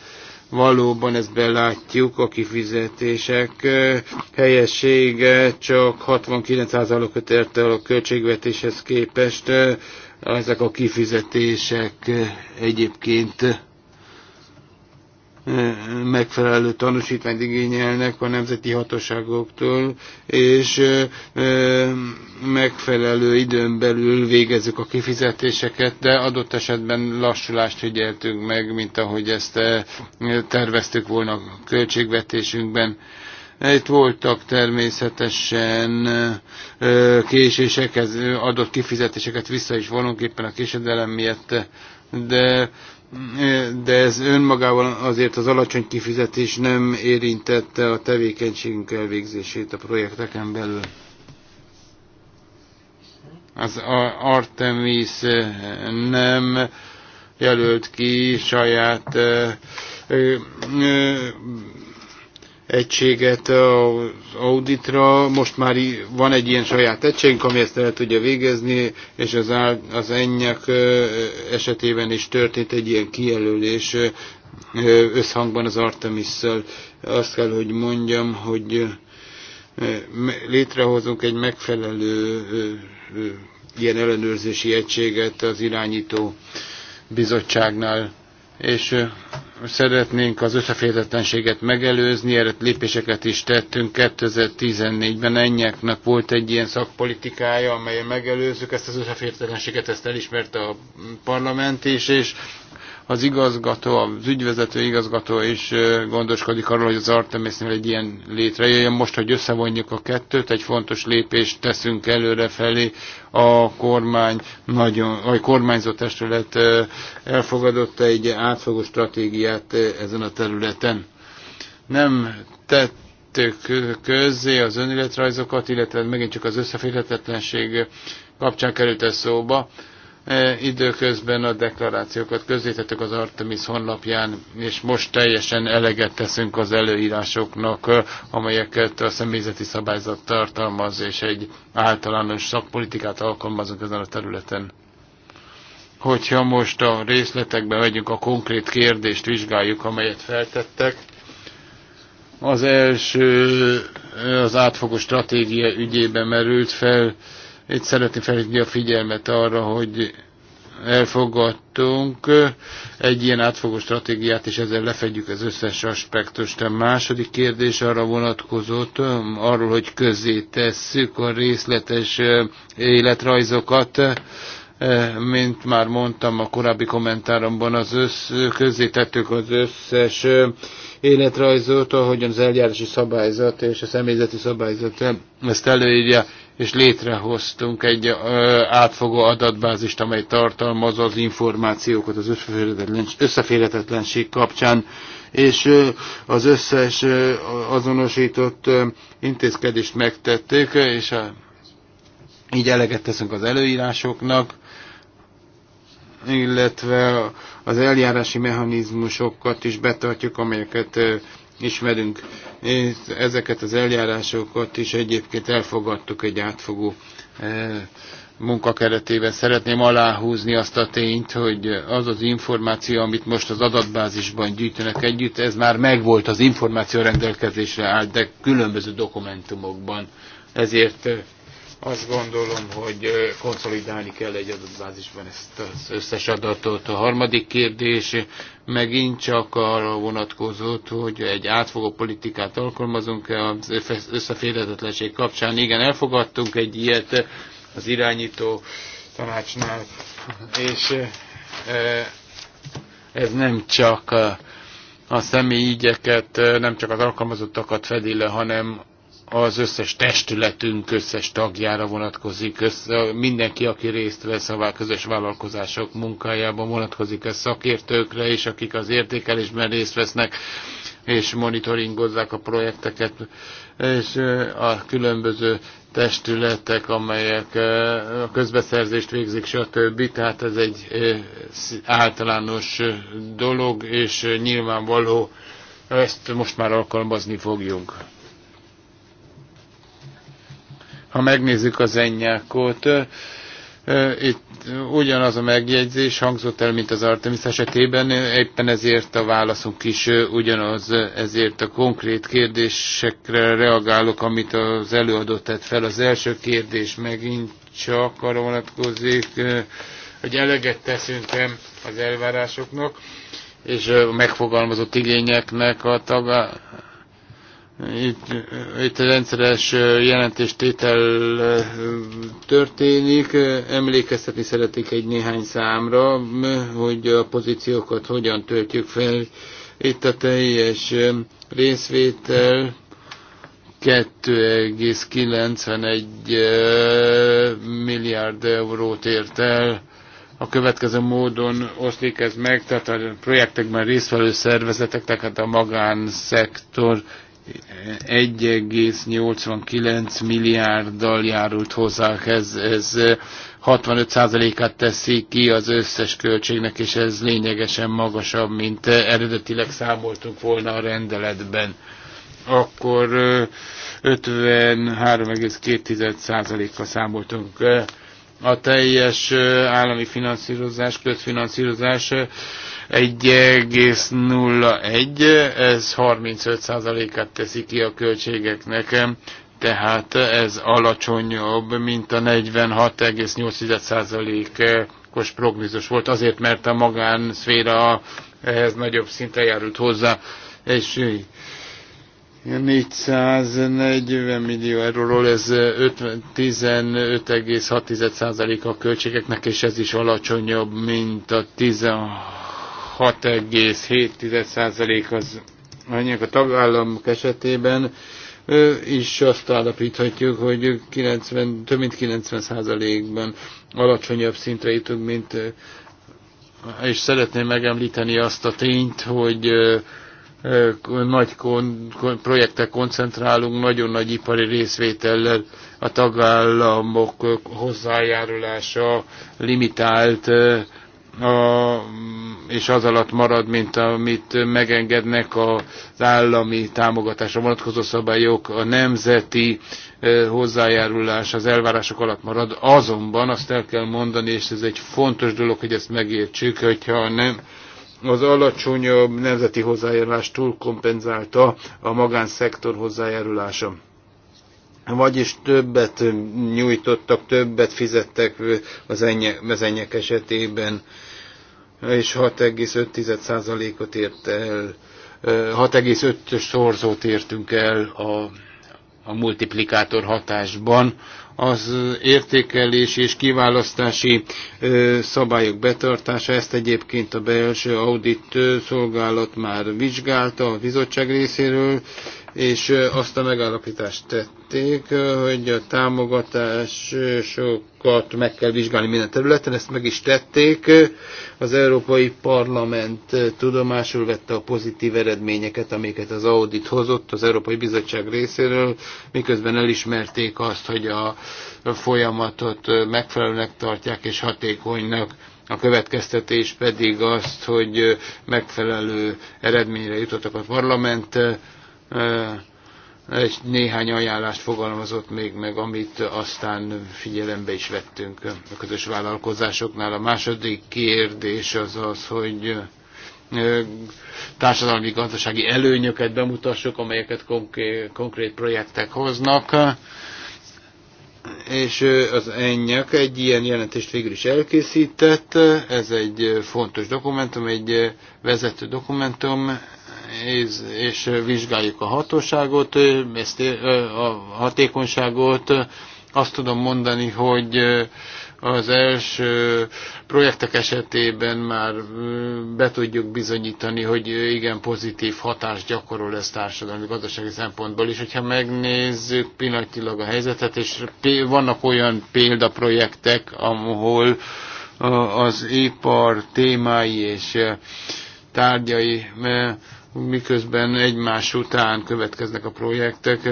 Valóban ezt belátjuk, a kifizetések helyessége csak 69%-ot ért el a költségvetéshez képest. Ezek a kifizetések egyébként E, megfelelő tanúsítványt igényelnek a nemzeti hatóságoktól, és e, e, megfelelő időn belül végezzük a kifizetéseket, de adott esetben lassulást figyeltünk meg, mint ahogy ezt terveztük volna a költségvetésünkben. Itt voltak természetesen késések, adott kifizetéseket vissza is vonunk éppen a késedelem miatt, de Mm, eh, de ez önmagában azért az alacsony kifizetés nem érintette a tevékenységünk elvégzését a projekteken belül. Az Artemis eh, nem jelölt ki saját eh, egységet az auditra. Most már van egy ilyen saját egységünk, ami ezt el tudja végezni, és az, az ennyek esetében is történt egy ilyen kijelölés összhangban az Artemis-szel. Azt kell, hogy mondjam, hogy létrehozunk egy megfelelő ilyen ellenőrzési egységet az irányító bizottságnál és szeretnénk az összeférhetetlenséget megelőzni, erre lépéseket is tettünk. 2014-ben ennyeknek volt egy ilyen szakpolitikája, amelyen megelőzzük ezt az összeférhetetlenséget, ezt elismerte a parlament is, és az igazgató, az ügyvezető igazgató is gondoskodik arról, hogy az Artemisnél egy ilyen létrejöjjön. Most, hogy összevonjuk a kettőt, egy fontos lépést teszünk előre felé. A kormány, nagyon, vagy kormányzó testület elfogadott egy átfogó stratégiát ezen a területen. Nem tett közé közzé az önéletrajzokat, illetve megint csak az összeférhetetlenség kapcsán került ez szóba. E, időközben a deklarációkat közzétettük az Artemis honlapján, és most teljesen eleget teszünk az előírásoknak, e, amelyeket a személyzeti szabályzat tartalmaz, és egy általános szakpolitikát alkalmazunk ezen a területen hogyha most a részletekbe megyünk, a konkrét kérdést vizsgáljuk, amelyet feltettek. Az első e, az átfogó stratégia ügyében merült fel, itt szeretném felhívni a figyelmet arra, hogy elfogadtunk egy ilyen átfogó stratégiát, és ezzel lefedjük az összes aspektust. A második kérdés arra vonatkozott, um, arról, hogy közé tesszük a részletes uh, életrajzokat, uh, mint már mondtam a korábbi kommentáromban, az össz, tettük az összes uh, életrajzot, ahogyan az eljárási szabályzat és a személyzeti szabályzat ezt előírja és létrehoztunk egy ö, átfogó adatbázist, amely tartalmaz az információkat az összeférhetetlenség, összeférhetetlenség kapcsán, és ö, az összes ö, azonosított ö, intézkedést megtették, és a, így eleget teszünk az előírásoknak, illetve az eljárási mechanizmusokat is betartjuk, amelyeket ö, ismerünk Ezeket az eljárásokat is egyébként elfogadtuk egy átfogó eh, munkakeretében szeretném aláhúzni azt a tényt, hogy az az információ, amit most az adatbázisban gyűjtenek együtt, ez már megvolt az információ rendelkezésre állt, de különböző dokumentumokban. Ezért eh, azt gondolom, hogy konszolidálni kell egy adatbázisban ezt az összes adatot. A harmadik kérdés megint csak arra vonatkozott, hogy egy átfogó politikát alkalmazunk-e az összeférhetetlenség kapcsán. Igen, elfogadtunk egy ilyet az irányító tanácsnál, és ez nem csak a személyi személyügyeket, nem csak az alkalmazottakat fedi le, hanem az összes testületünk összes tagjára vonatkozik, össze, mindenki, aki részt vesz a közös vállalkozások munkájában vonatkozik a szakértőkre, és akik az értékelésben részt vesznek, és monitoringozzák a projekteket, és a különböző testületek, amelyek a közbeszerzést végzik, stb. Tehát ez egy általános dolog, és nyilvánvaló, ezt most már alkalmazni fogjunk. Ha megnézzük az ennyákot, itt ugyanaz a megjegyzés hangzott el, mint az Artemis esetében, éppen ezért a válaszunk is ugyanaz, ezért a konkrét kérdésekre reagálok, amit az előadó tett fel. Az első kérdés megint csak arra vonatkozik, hogy eleget teszünk-e az elvárásoknak, és a megfogalmazott igényeknek a tagá itt, itt rendszeres jelentéstétel történik. Emlékeztetni szeretnék egy néhány számra, hogy a pozíciókat hogyan töltjük fel. Itt a teljes részvétel 2,91 milliárd eurót ért el. A következő módon oszlik ez meg, tehát a projektekben résztvevő szervezetek, tehát a magánszektor 1,89 milliárddal járult hozzá, ez, ez 65%-át eh, teszi ki az összes költségnek, és ez lényegesen magasabb, mint eh, eredetileg számoltunk volna a rendeletben. Akkor 53,2%-kal eh, számoltunk a teljes állami finanszírozás, közfinanszírozás 1,01, ez 35%-át teszi ki a költségeknek, tehát ez alacsonyabb, mint a 46,8%-os prognózus volt, azért, mert a magánszféra ehhez nagyobb szinte járult hozzá, és 440 millió euróról, ez 15,6% a költségeknek, és ez is alacsonyabb, mint a 16 6,7% az anyag a tagállamok esetében, és azt állapíthatjuk, hogy 90, több mint 90%-ban alacsonyabb szintre jutunk, mint és szeretném megemlíteni azt a tényt, hogy nagy kon, projektek koncentrálunk, nagyon nagy ipari részvétellel a tagállamok hozzájárulása limitált, a, és az alatt marad, mint amit megengednek az állami támogatásra vonatkozó szabályok, a nemzeti e, hozzájárulás az elvárások alatt marad. Azonban azt el kell mondani, és ez egy fontos dolog, hogy ezt megértsük, hogyha nem, az alacsonyabb nemzeti hozzájárulás túlkompenzálta a magánszektor hozzájárulása vagyis többet nyújtottak, többet fizettek az, ennye, az ennyek esetében és 6,5%-ot ért el, 6,5-ös szorzót értünk el a, a multiplikátor hatásban. Az értékelés és kiválasztási szabályok betartása, ezt egyébként a belső audit szolgálat már vizsgálta a bizottság részéről, és azt a megállapítást tették, hogy a támogatásokat meg kell vizsgálni minden területen, ezt meg is tették. Az Európai Parlament tudomásul vette a pozitív eredményeket, amiket az audit hozott az Európai Bizottság részéről, miközben elismerték azt, hogy a folyamatot megfelelőnek tartják és hatékonynak. A következtetés pedig azt, hogy megfelelő eredményre jutottak a parlament egy néhány ajánlást fogalmazott még meg, amit aztán figyelembe is vettünk a közös vállalkozásoknál. A második kérdés az az, hogy társadalmi gazdasági előnyöket bemutassuk, amelyeket konkrét projektek hoznak és az ennyek egy ilyen jelentést végül is elkészített. Ez egy fontos dokumentum, egy vezető dokumentum, és vizsgáljuk a hatóságot, ezt, a hatékonyságot. Azt tudom mondani, hogy az első projektek esetében már be tudjuk bizonyítani, hogy igen pozitív hatást gyakorol ez társadalmi gazdasági szempontból is. Hogyha megnézzük pillanatilag a helyzetet, és vannak olyan példaprojektek, ahol az ipar témái és tárgyai miközben egymás után következnek a projektek,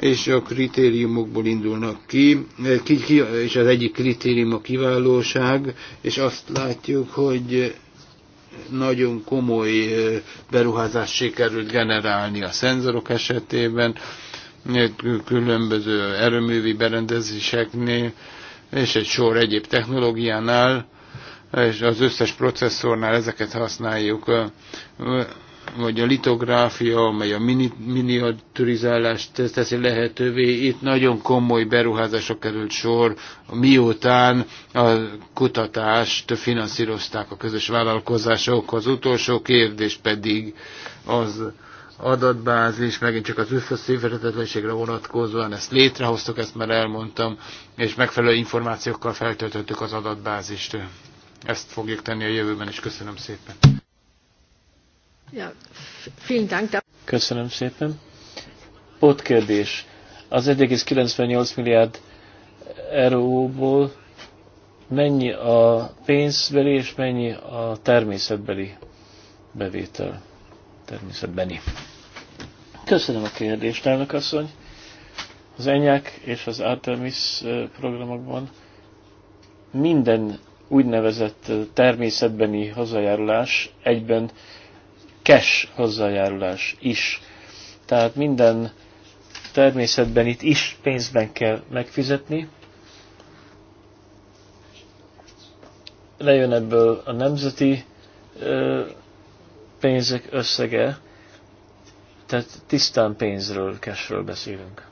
és a kritériumokból indulnak ki, ki, ki és az egyik kritérium a kiválóság, és azt látjuk, hogy nagyon komoly eh, beruházás sikerült generálni a szenzorok esetében, eh, különböző erőművi berendezéseknél, és egy sor egyéb technológiánál, és az összes processzornál ezeket használjuk vagy a litográfia, amely a mini, miniaturizálást teszi lehetővé. Itt nagyon komoly beruházások került sor, miután a kutatást finanszírozták a közös vállalkozások. Az utolsó kérdés pedig az adatbázis, megint csak az összeszívhetetlenségre vonatkozóan, ezt létrehoztuk, ezt már elmondtam, és megfelelő információkkal feltöltöttük az adatbázist. Ezt fogjuk tenni a jövőben és Köszönöm szépen. Köszönöm szépen. Pótkérdés. Az 1,98 milliárd euróból mennyi a pénzbeli és mennyi a természetbeli bevétel? Természetbeni. Köszönöm a kérdést, elnök asszony. Az Enyák és az Artemis programokban minden úgynevezett természetbeni hozzájárulás egyben cash hozzájárulás is. Tehát minden természetben itt is pénzben kell megfizetni. Lejön ebből a nemzeti pénzek összege, tehát tisztán pénzről, cashről beszélünk.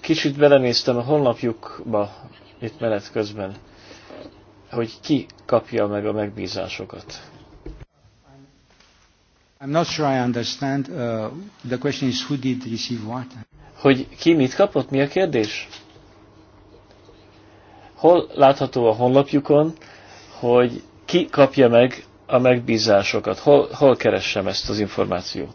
Kicsit belenéztem a honlapjukba itt menet közben hogy ki kapja meg a megbízásokat. I'm not sure I understand. Uh, the question is who did receive what? Hogy ki mit kapott, mi a kérdés? Hol látható a honlapjukon, hogy ki kapja meg a megbízásokat? Hol, hol keressem ezt az információt?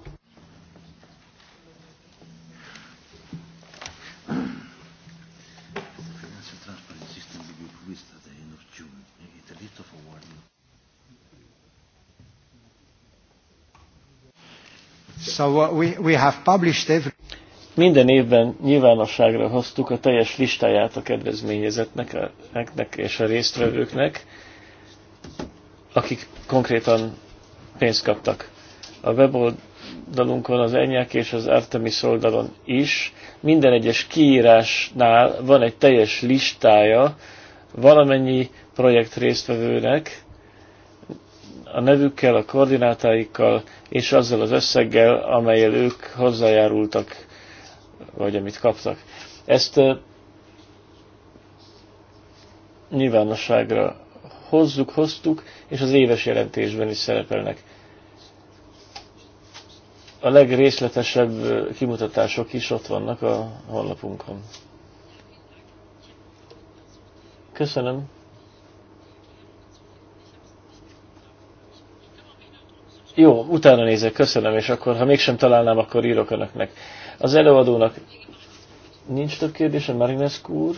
So we, we have published every... Minden évben nyilvánosságra hoztuk a teljes listáját a kedvezményezetnek és a résztvevőknek, akik konkrétan pénzt kaptak. A weboldalunkon, az Enyák és az Artemis oldalon is minden egyes kiírásnál van egy teljes listája valamennyi projekt résztvevőnek, a nevükkel, a koordinátáikkal és azzal az összeggel, amelyel ők hozzájárultak, vagy amit kaptak. Ezt nyilvánosságra hozzuk, hoztuk, és az éves jelentésben is szerepelnek. A legrészletesebb kimutatások is ott vannak a honlapunkon. Köszönöm. Jó, utána nézek, köszönöm, és akkor, ha mégsem találnám, akkor írok önöknek. Az előadónak nincs több kérdése, Marinescu úr?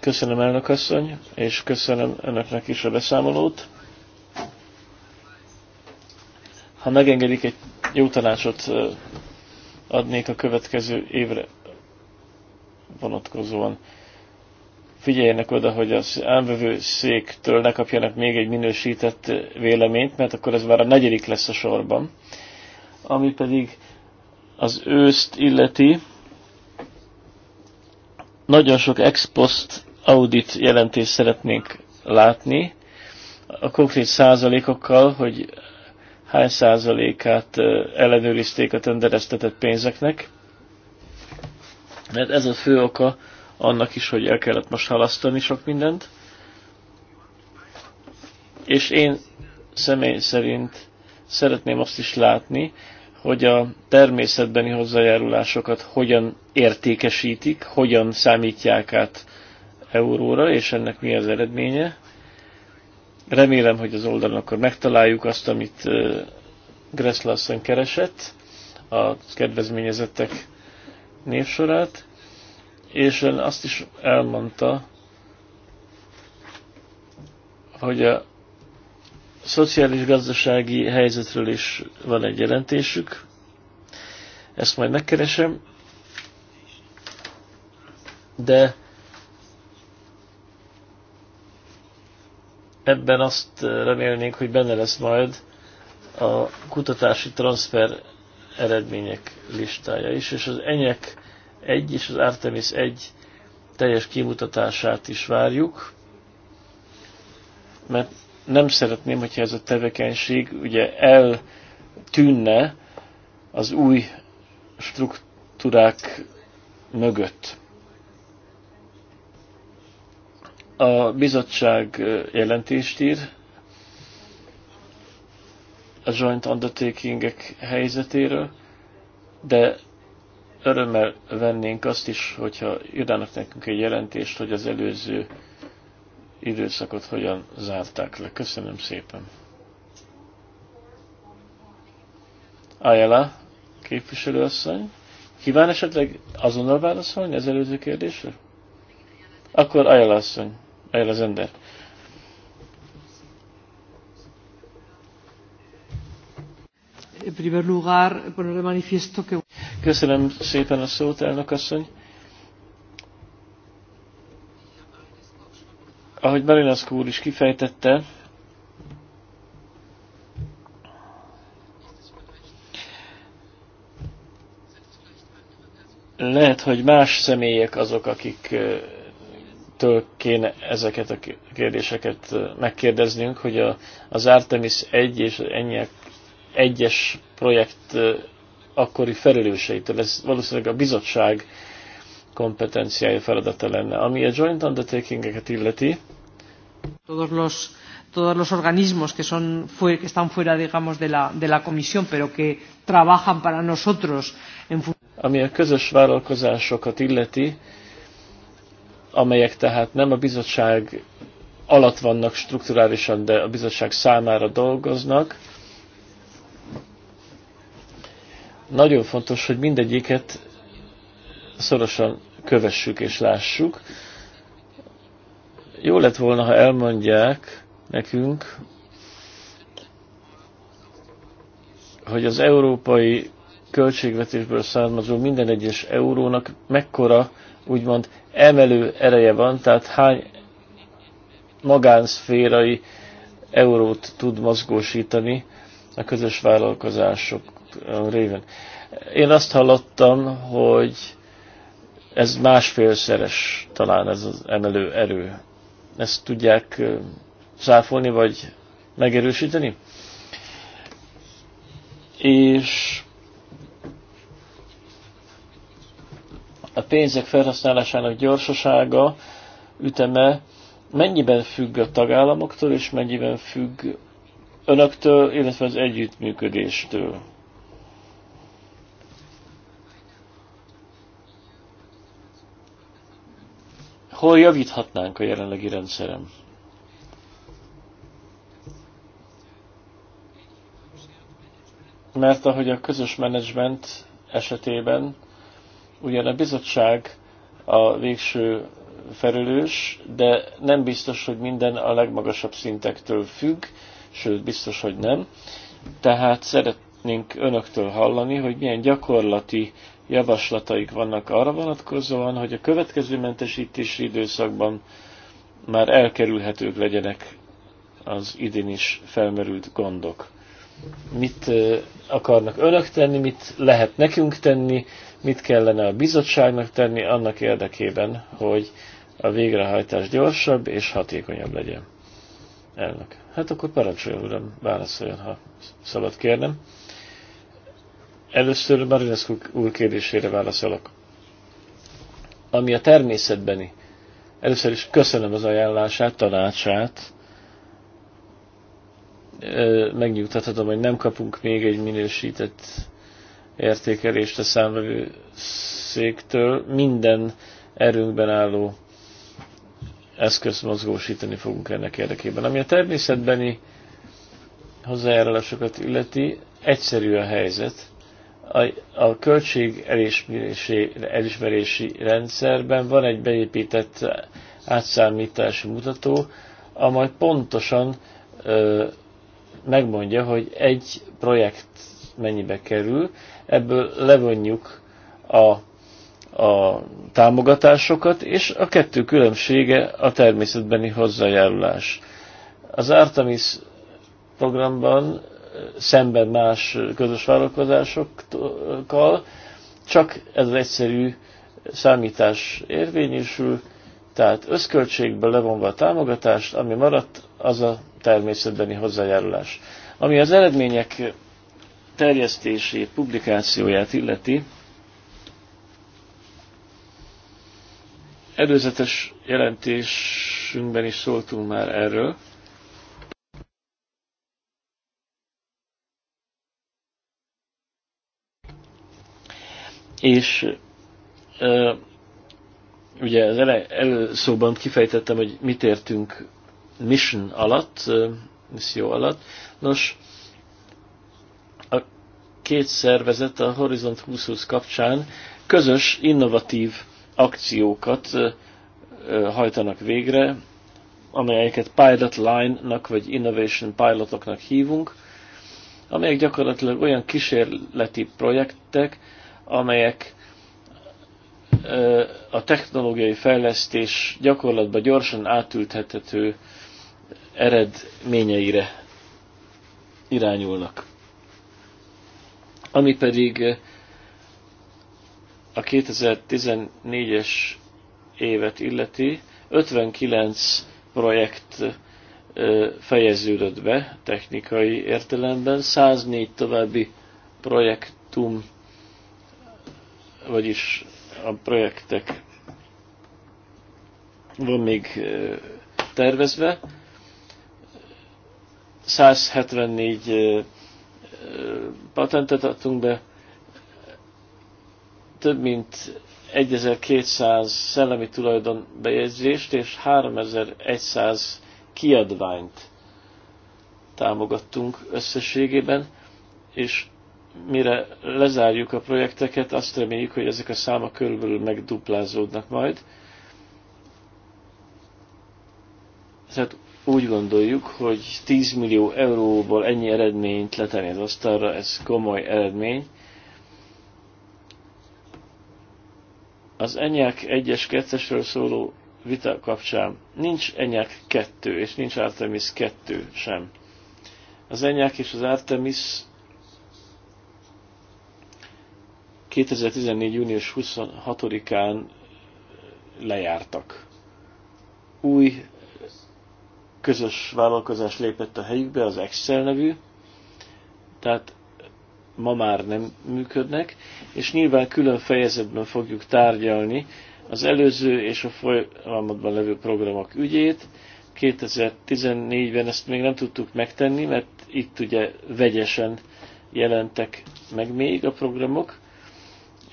Köszönöm elnök asszony, és köszönöm önöknek is a beszámolót. Ha megengedik, egy jó tanácsot adnék a következő évre vonatkozóan figyeljenek oda, hogy az elmvevő széktől ne kapjanak még egy minősített véleményt, mert akkor ez már a negyedik lesz a sorban. Ami pedig az őszt illeti, nagyon sok ex post audit jelentést szeretnénk látni, a konkrét százalékokkal, hogy hány százalékát ellenőrizték a tendereztetett pénzeknek, mert ez a fő oka annak is, hogy el kellett most halasztani sok mindent. És én személy szerint szeretném azt is látni, hogy a természetbeni hozzájárulásokat hogyan értékesítik, hogyan számítják át euróra, és ennek mi az eredménye. Remélem, hogy az oldalon akkor megtaláljuk azt, amit Gresslasson keresett, a kedvezményezettek névsorát és ön azt is elmondta, hogy a szociális-gazdasági helyzetről is van egy jelentésük. Ezt majd megkeresem. De ebben azt remélnénk, hogy benne lesz majd a kutatási transfer eredmények listája is, és az enyek 1 és az Artemis 1 teljes kimutatását is várjuk, mert nem szeretném, hogyha ez a tevékenység ugye eltűnne az új struktúrák mögött. A bizottság jelentést ír a joint undertakingek helyzetéről, de örömmel vennénk azt is, hogyha írnának nekünk egy jelentést, hogy az előző időszakot hogyan zárták le. Köszönöm szépen. Ajala, képviselőasszony. Kíván esetleg azonnal válaszolni az előző kérdésre? Akkor Ajala asszony, Ajala az ember. Köszönöm szépen a szót, elnök asszony. Ahogy Marinaszkó úr is kifejtette, lehet, hogy más személyek azok, akik től kéne ezeket a kérdéseket megkérdeznünk, hogy a, az Artemis 1 és ennyi egyes projekt akkori felelőseitől. Ez valószínűleg a bizottság kompetenciája feladata lenne. Ami a joint undertakingeket illeti, todos los todos los organismos que son que están fuera digamos de la de la comisión pero que trabajan para nosotros en ami a közös vállalkozásokat illeti, amelyek tehát nem a bizottság alatt vannak strukturálisan, de a bizottság számára dolgoznak, nagyon fontos, hogy mindegyiket szorosan kövessük és lássuk. Jó lett volna, ha elmondják nekünk, hogy az európai költségvetésből származó minden egyes eurónak mekkora úgymond emelő ereje van, tehát hány magánszférai eurót tud mozgósítani a közös vállalkozások réven. Én azt hallottam, hogy ez másfélszeres talán ez az emelő erő. Ezt tudják száfolni, vagy megerősíteni? És a pénzek felhasználásának gyorsasága, üteme mennyiben függ a tagállamoktól, és mennyiben függ önöktől, illetve az együttműködéstől. hol javíthatnánk a jelenlegi rendszerem. Mert ahogy a közös menedzsment esetében ugyan a bizottság a végső felelős, de nem biztos, hogy minden a legmagasabb szintektől függ, sőt biztos, hogy nem. Tehát szeret, szeretnénk önöktől hallani, hogy milyen gyakorlati javaslataik vannak arra vonatkozóan, hogy a következő mentesítési időszakban már elkerülhetők legyenek az idén is felmerült gondok. Mit akarnak önök tenni, mit lehet nekünk tenni, mit kellene a bizottságnak tenni annak érdekében, hogy a végrehajtás gyorsabb és hatékonyabb legyen. Elnök. Hát akkor parancsoljon, uram, válaszoljon, ha szabad kérnem. Először Marinescu úr kérdésére válaszolok. Ami a természetbeni, először is köszönöm az ajánlását, tanácsát, megnyugtathatom, hogy nem kapunk még egy minősített értékelést a számvevő széktől. Minden erőnkben álló eszközt mozgósítani fogunk ennek érdekében. Ami a természetbeni hozzájárulásokat illeti, egyszerű a helyzet a, a költség elismerési, elismerési rendszerben van egy beépített átszámítási mutató, amely pontosan ö, megmondja, hogy egy projekt mennyibe kerül, ebből levonjuk a, a támogatásokat, és a kettő különbsége a természetbeni hozzájárulás. Az Artemis programban szemben más közös vállalkozásokkal, csak ez az egyszerű számítás érvényesül, tehát összköltségből levonva a támogatást, ami maradt, az a természetbeni hozzájárulás. Ami az eredmények terjesztését, publikációját illeti, előzetes jelentésünkben is szóltunk már erről, És uh, ugye az ele, előszóban kifejtettem, hogy mit értünk mission alatt, uh, misszió alatt. Nos, a két szervezet a Horizont 2020 kapcsán közös, innovatív akciókat uh, hajtanak végre, amelyeket pilot line-nak vagy innovation pilotoknak hívunk, amelyek gyakorlatilag olyan kísérleti projektek, amelyek a technológiai fejlesztés gyakorlatba gyorsan átültethető eredményeire irányulnak. Ami pedig a 2014-es évet illeti, 59 projekt fejeződött be technikai értelemben, 104 további projektum vagyis a projektek van még tervezve. 174 patentet adtunk be, több mint 1200 szellemi tulajdon bejegyzést és 3100 kiadványt támogattunk összességében, és mire lezárjuk a projekteket, azt reméljük, hogy ezek a számok körülbelül megduplázódnak majd. Tehát úgy gondoljuk, hogy 10 millió euróból ennyi eredményt letenni az asztalra, ez komoly eredmény. Az enyák 1-es, 2 szóló vita kapcsán nincs enyák 2, és nincs Artemis 2 sem. Az enyák és az Artemis 2014. június 26-án lejártak. Új közös vállalkozás lépett a helyükbe, az Excel nevű, tehát ma már nem működnek, és nyilván külön fejezetben fogjuk tárgyalni az előző és a folyamatban levő programok ügyét. 2014-ben ezt még nem tudtuk megtenni, mert itt ugye vegyesen jelentek meg még a programok,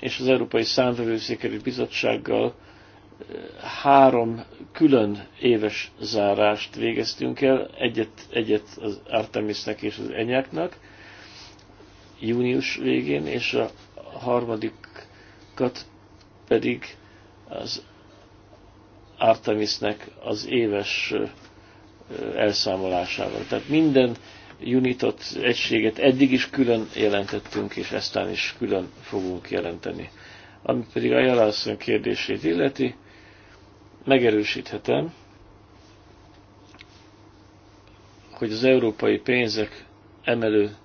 és az Európai Számvevőszékelő Bizottsággal eh, három külön éves zárást végeztünk el, egyet, egyet az Artemisnek és az Enyáknak június végén, és a harmadikat pedig az Artemisnek az éves eh, elszámolásával. Tehát minden unitot, egységet eddig is külön jelentettünk, és eztán is külön fogunk jelenteni. Ami pedig a Jalászön kérdését illeti, megerősíthetem, hogy az európai pénzek emelő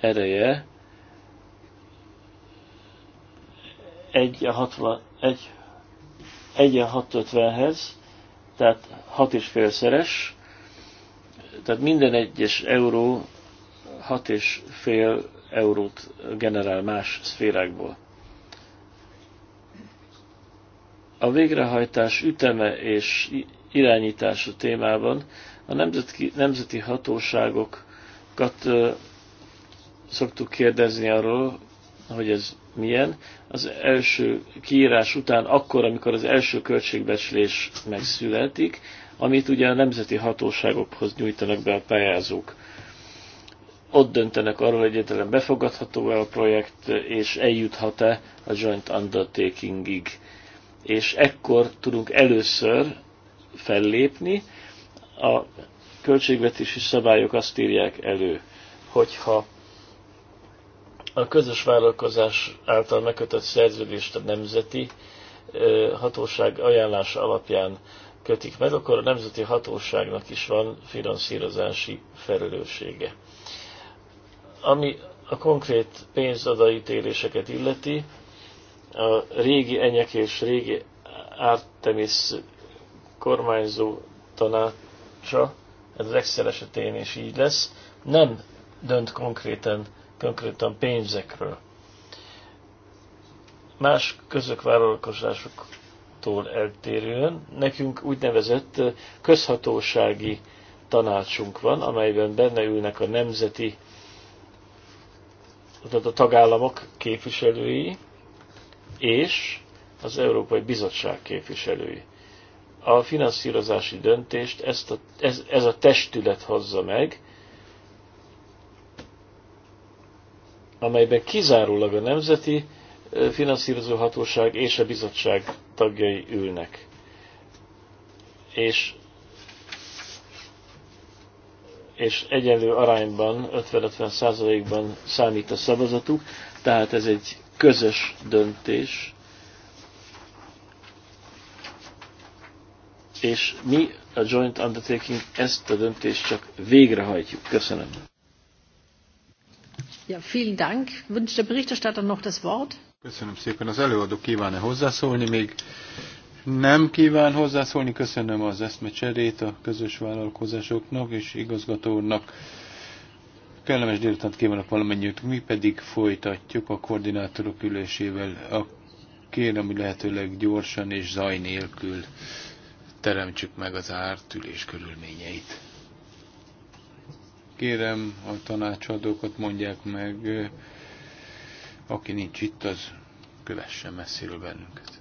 ereje egy a egy, egy a 650-hez, tehát 6,5 szeres, tehát minden egyes euró 6,5 eurót generál más szférákból. A végrehajtás üteme és irányítása témában a nemzeti hatóságokat szoktuk kérdezni arról, hogy ez milyen. Az első kiírás után, akkor, amikor az első költségbecslés megszületik, amit ugye a nemzeti hatóságokhoz nyújtanak be a pályázók. Ott döntenek arról, hogy egyetlen befogadható-e a projekt, és eljuthat-e a joint undertakingig. És ekkor tudunk először fellépni. A költségvetési szabályok azt írják elő, hogyha a közös vállalkozás által megkötött szerződést a nemzeti hatóság ajánlása alapján kötik meg, akkor a nemzeti hatóságnak is van finanszírozási felelőssége. Ami a konkrét pénzadaítéléseket illeti, a régi enyek és régi Artemis kormányzó tanácsa, ez az Excel esetén is így lesz, nem dönt konkrétan, konkrétan pénzekről. Más vállalkozások másoktól eltérően nekünk úgynevezett közhatósági tanácsunk van, amelyben benne ülnek a nemzeti, tehát a tagállamok képviselői és az Európai Bizottság képviselői. A finanszírozási döntést ezt a, ez, ez a testület hozza meg, amelyben kizárólag a Nemzeti Finanszírozó Hatóság és a Bizottság tagjai ülnek. És, és egyenlő arányban, 50-50 százalékban számít a szavazatuk, tehát ez egy közös döntés. És mi a Joint Undertaking ezt a döntést csak végrehajtjuk. Köszönöm. Ja, vielen Dank. Wünscht der Berichterstatter noch das Wort? Köszönöm szépen. Az előadó kíván-e hozzászólni? Még nem kíván hozzászólni. Köszönöm az eszmecserét a közös vállalkozásoknak és igazgatónak. Kellemes délutánt kívánok valamennyit Mi pedig folytatjuk a koordinátorok ülésével. A kérem, hogy lehetőleg gyorsan és zaj nélkül teremtsük meg az árt ülés körülményeit. Kérem a tanácsadókat mondják meg, aki nincs itt, az kövessen messziről bennünket.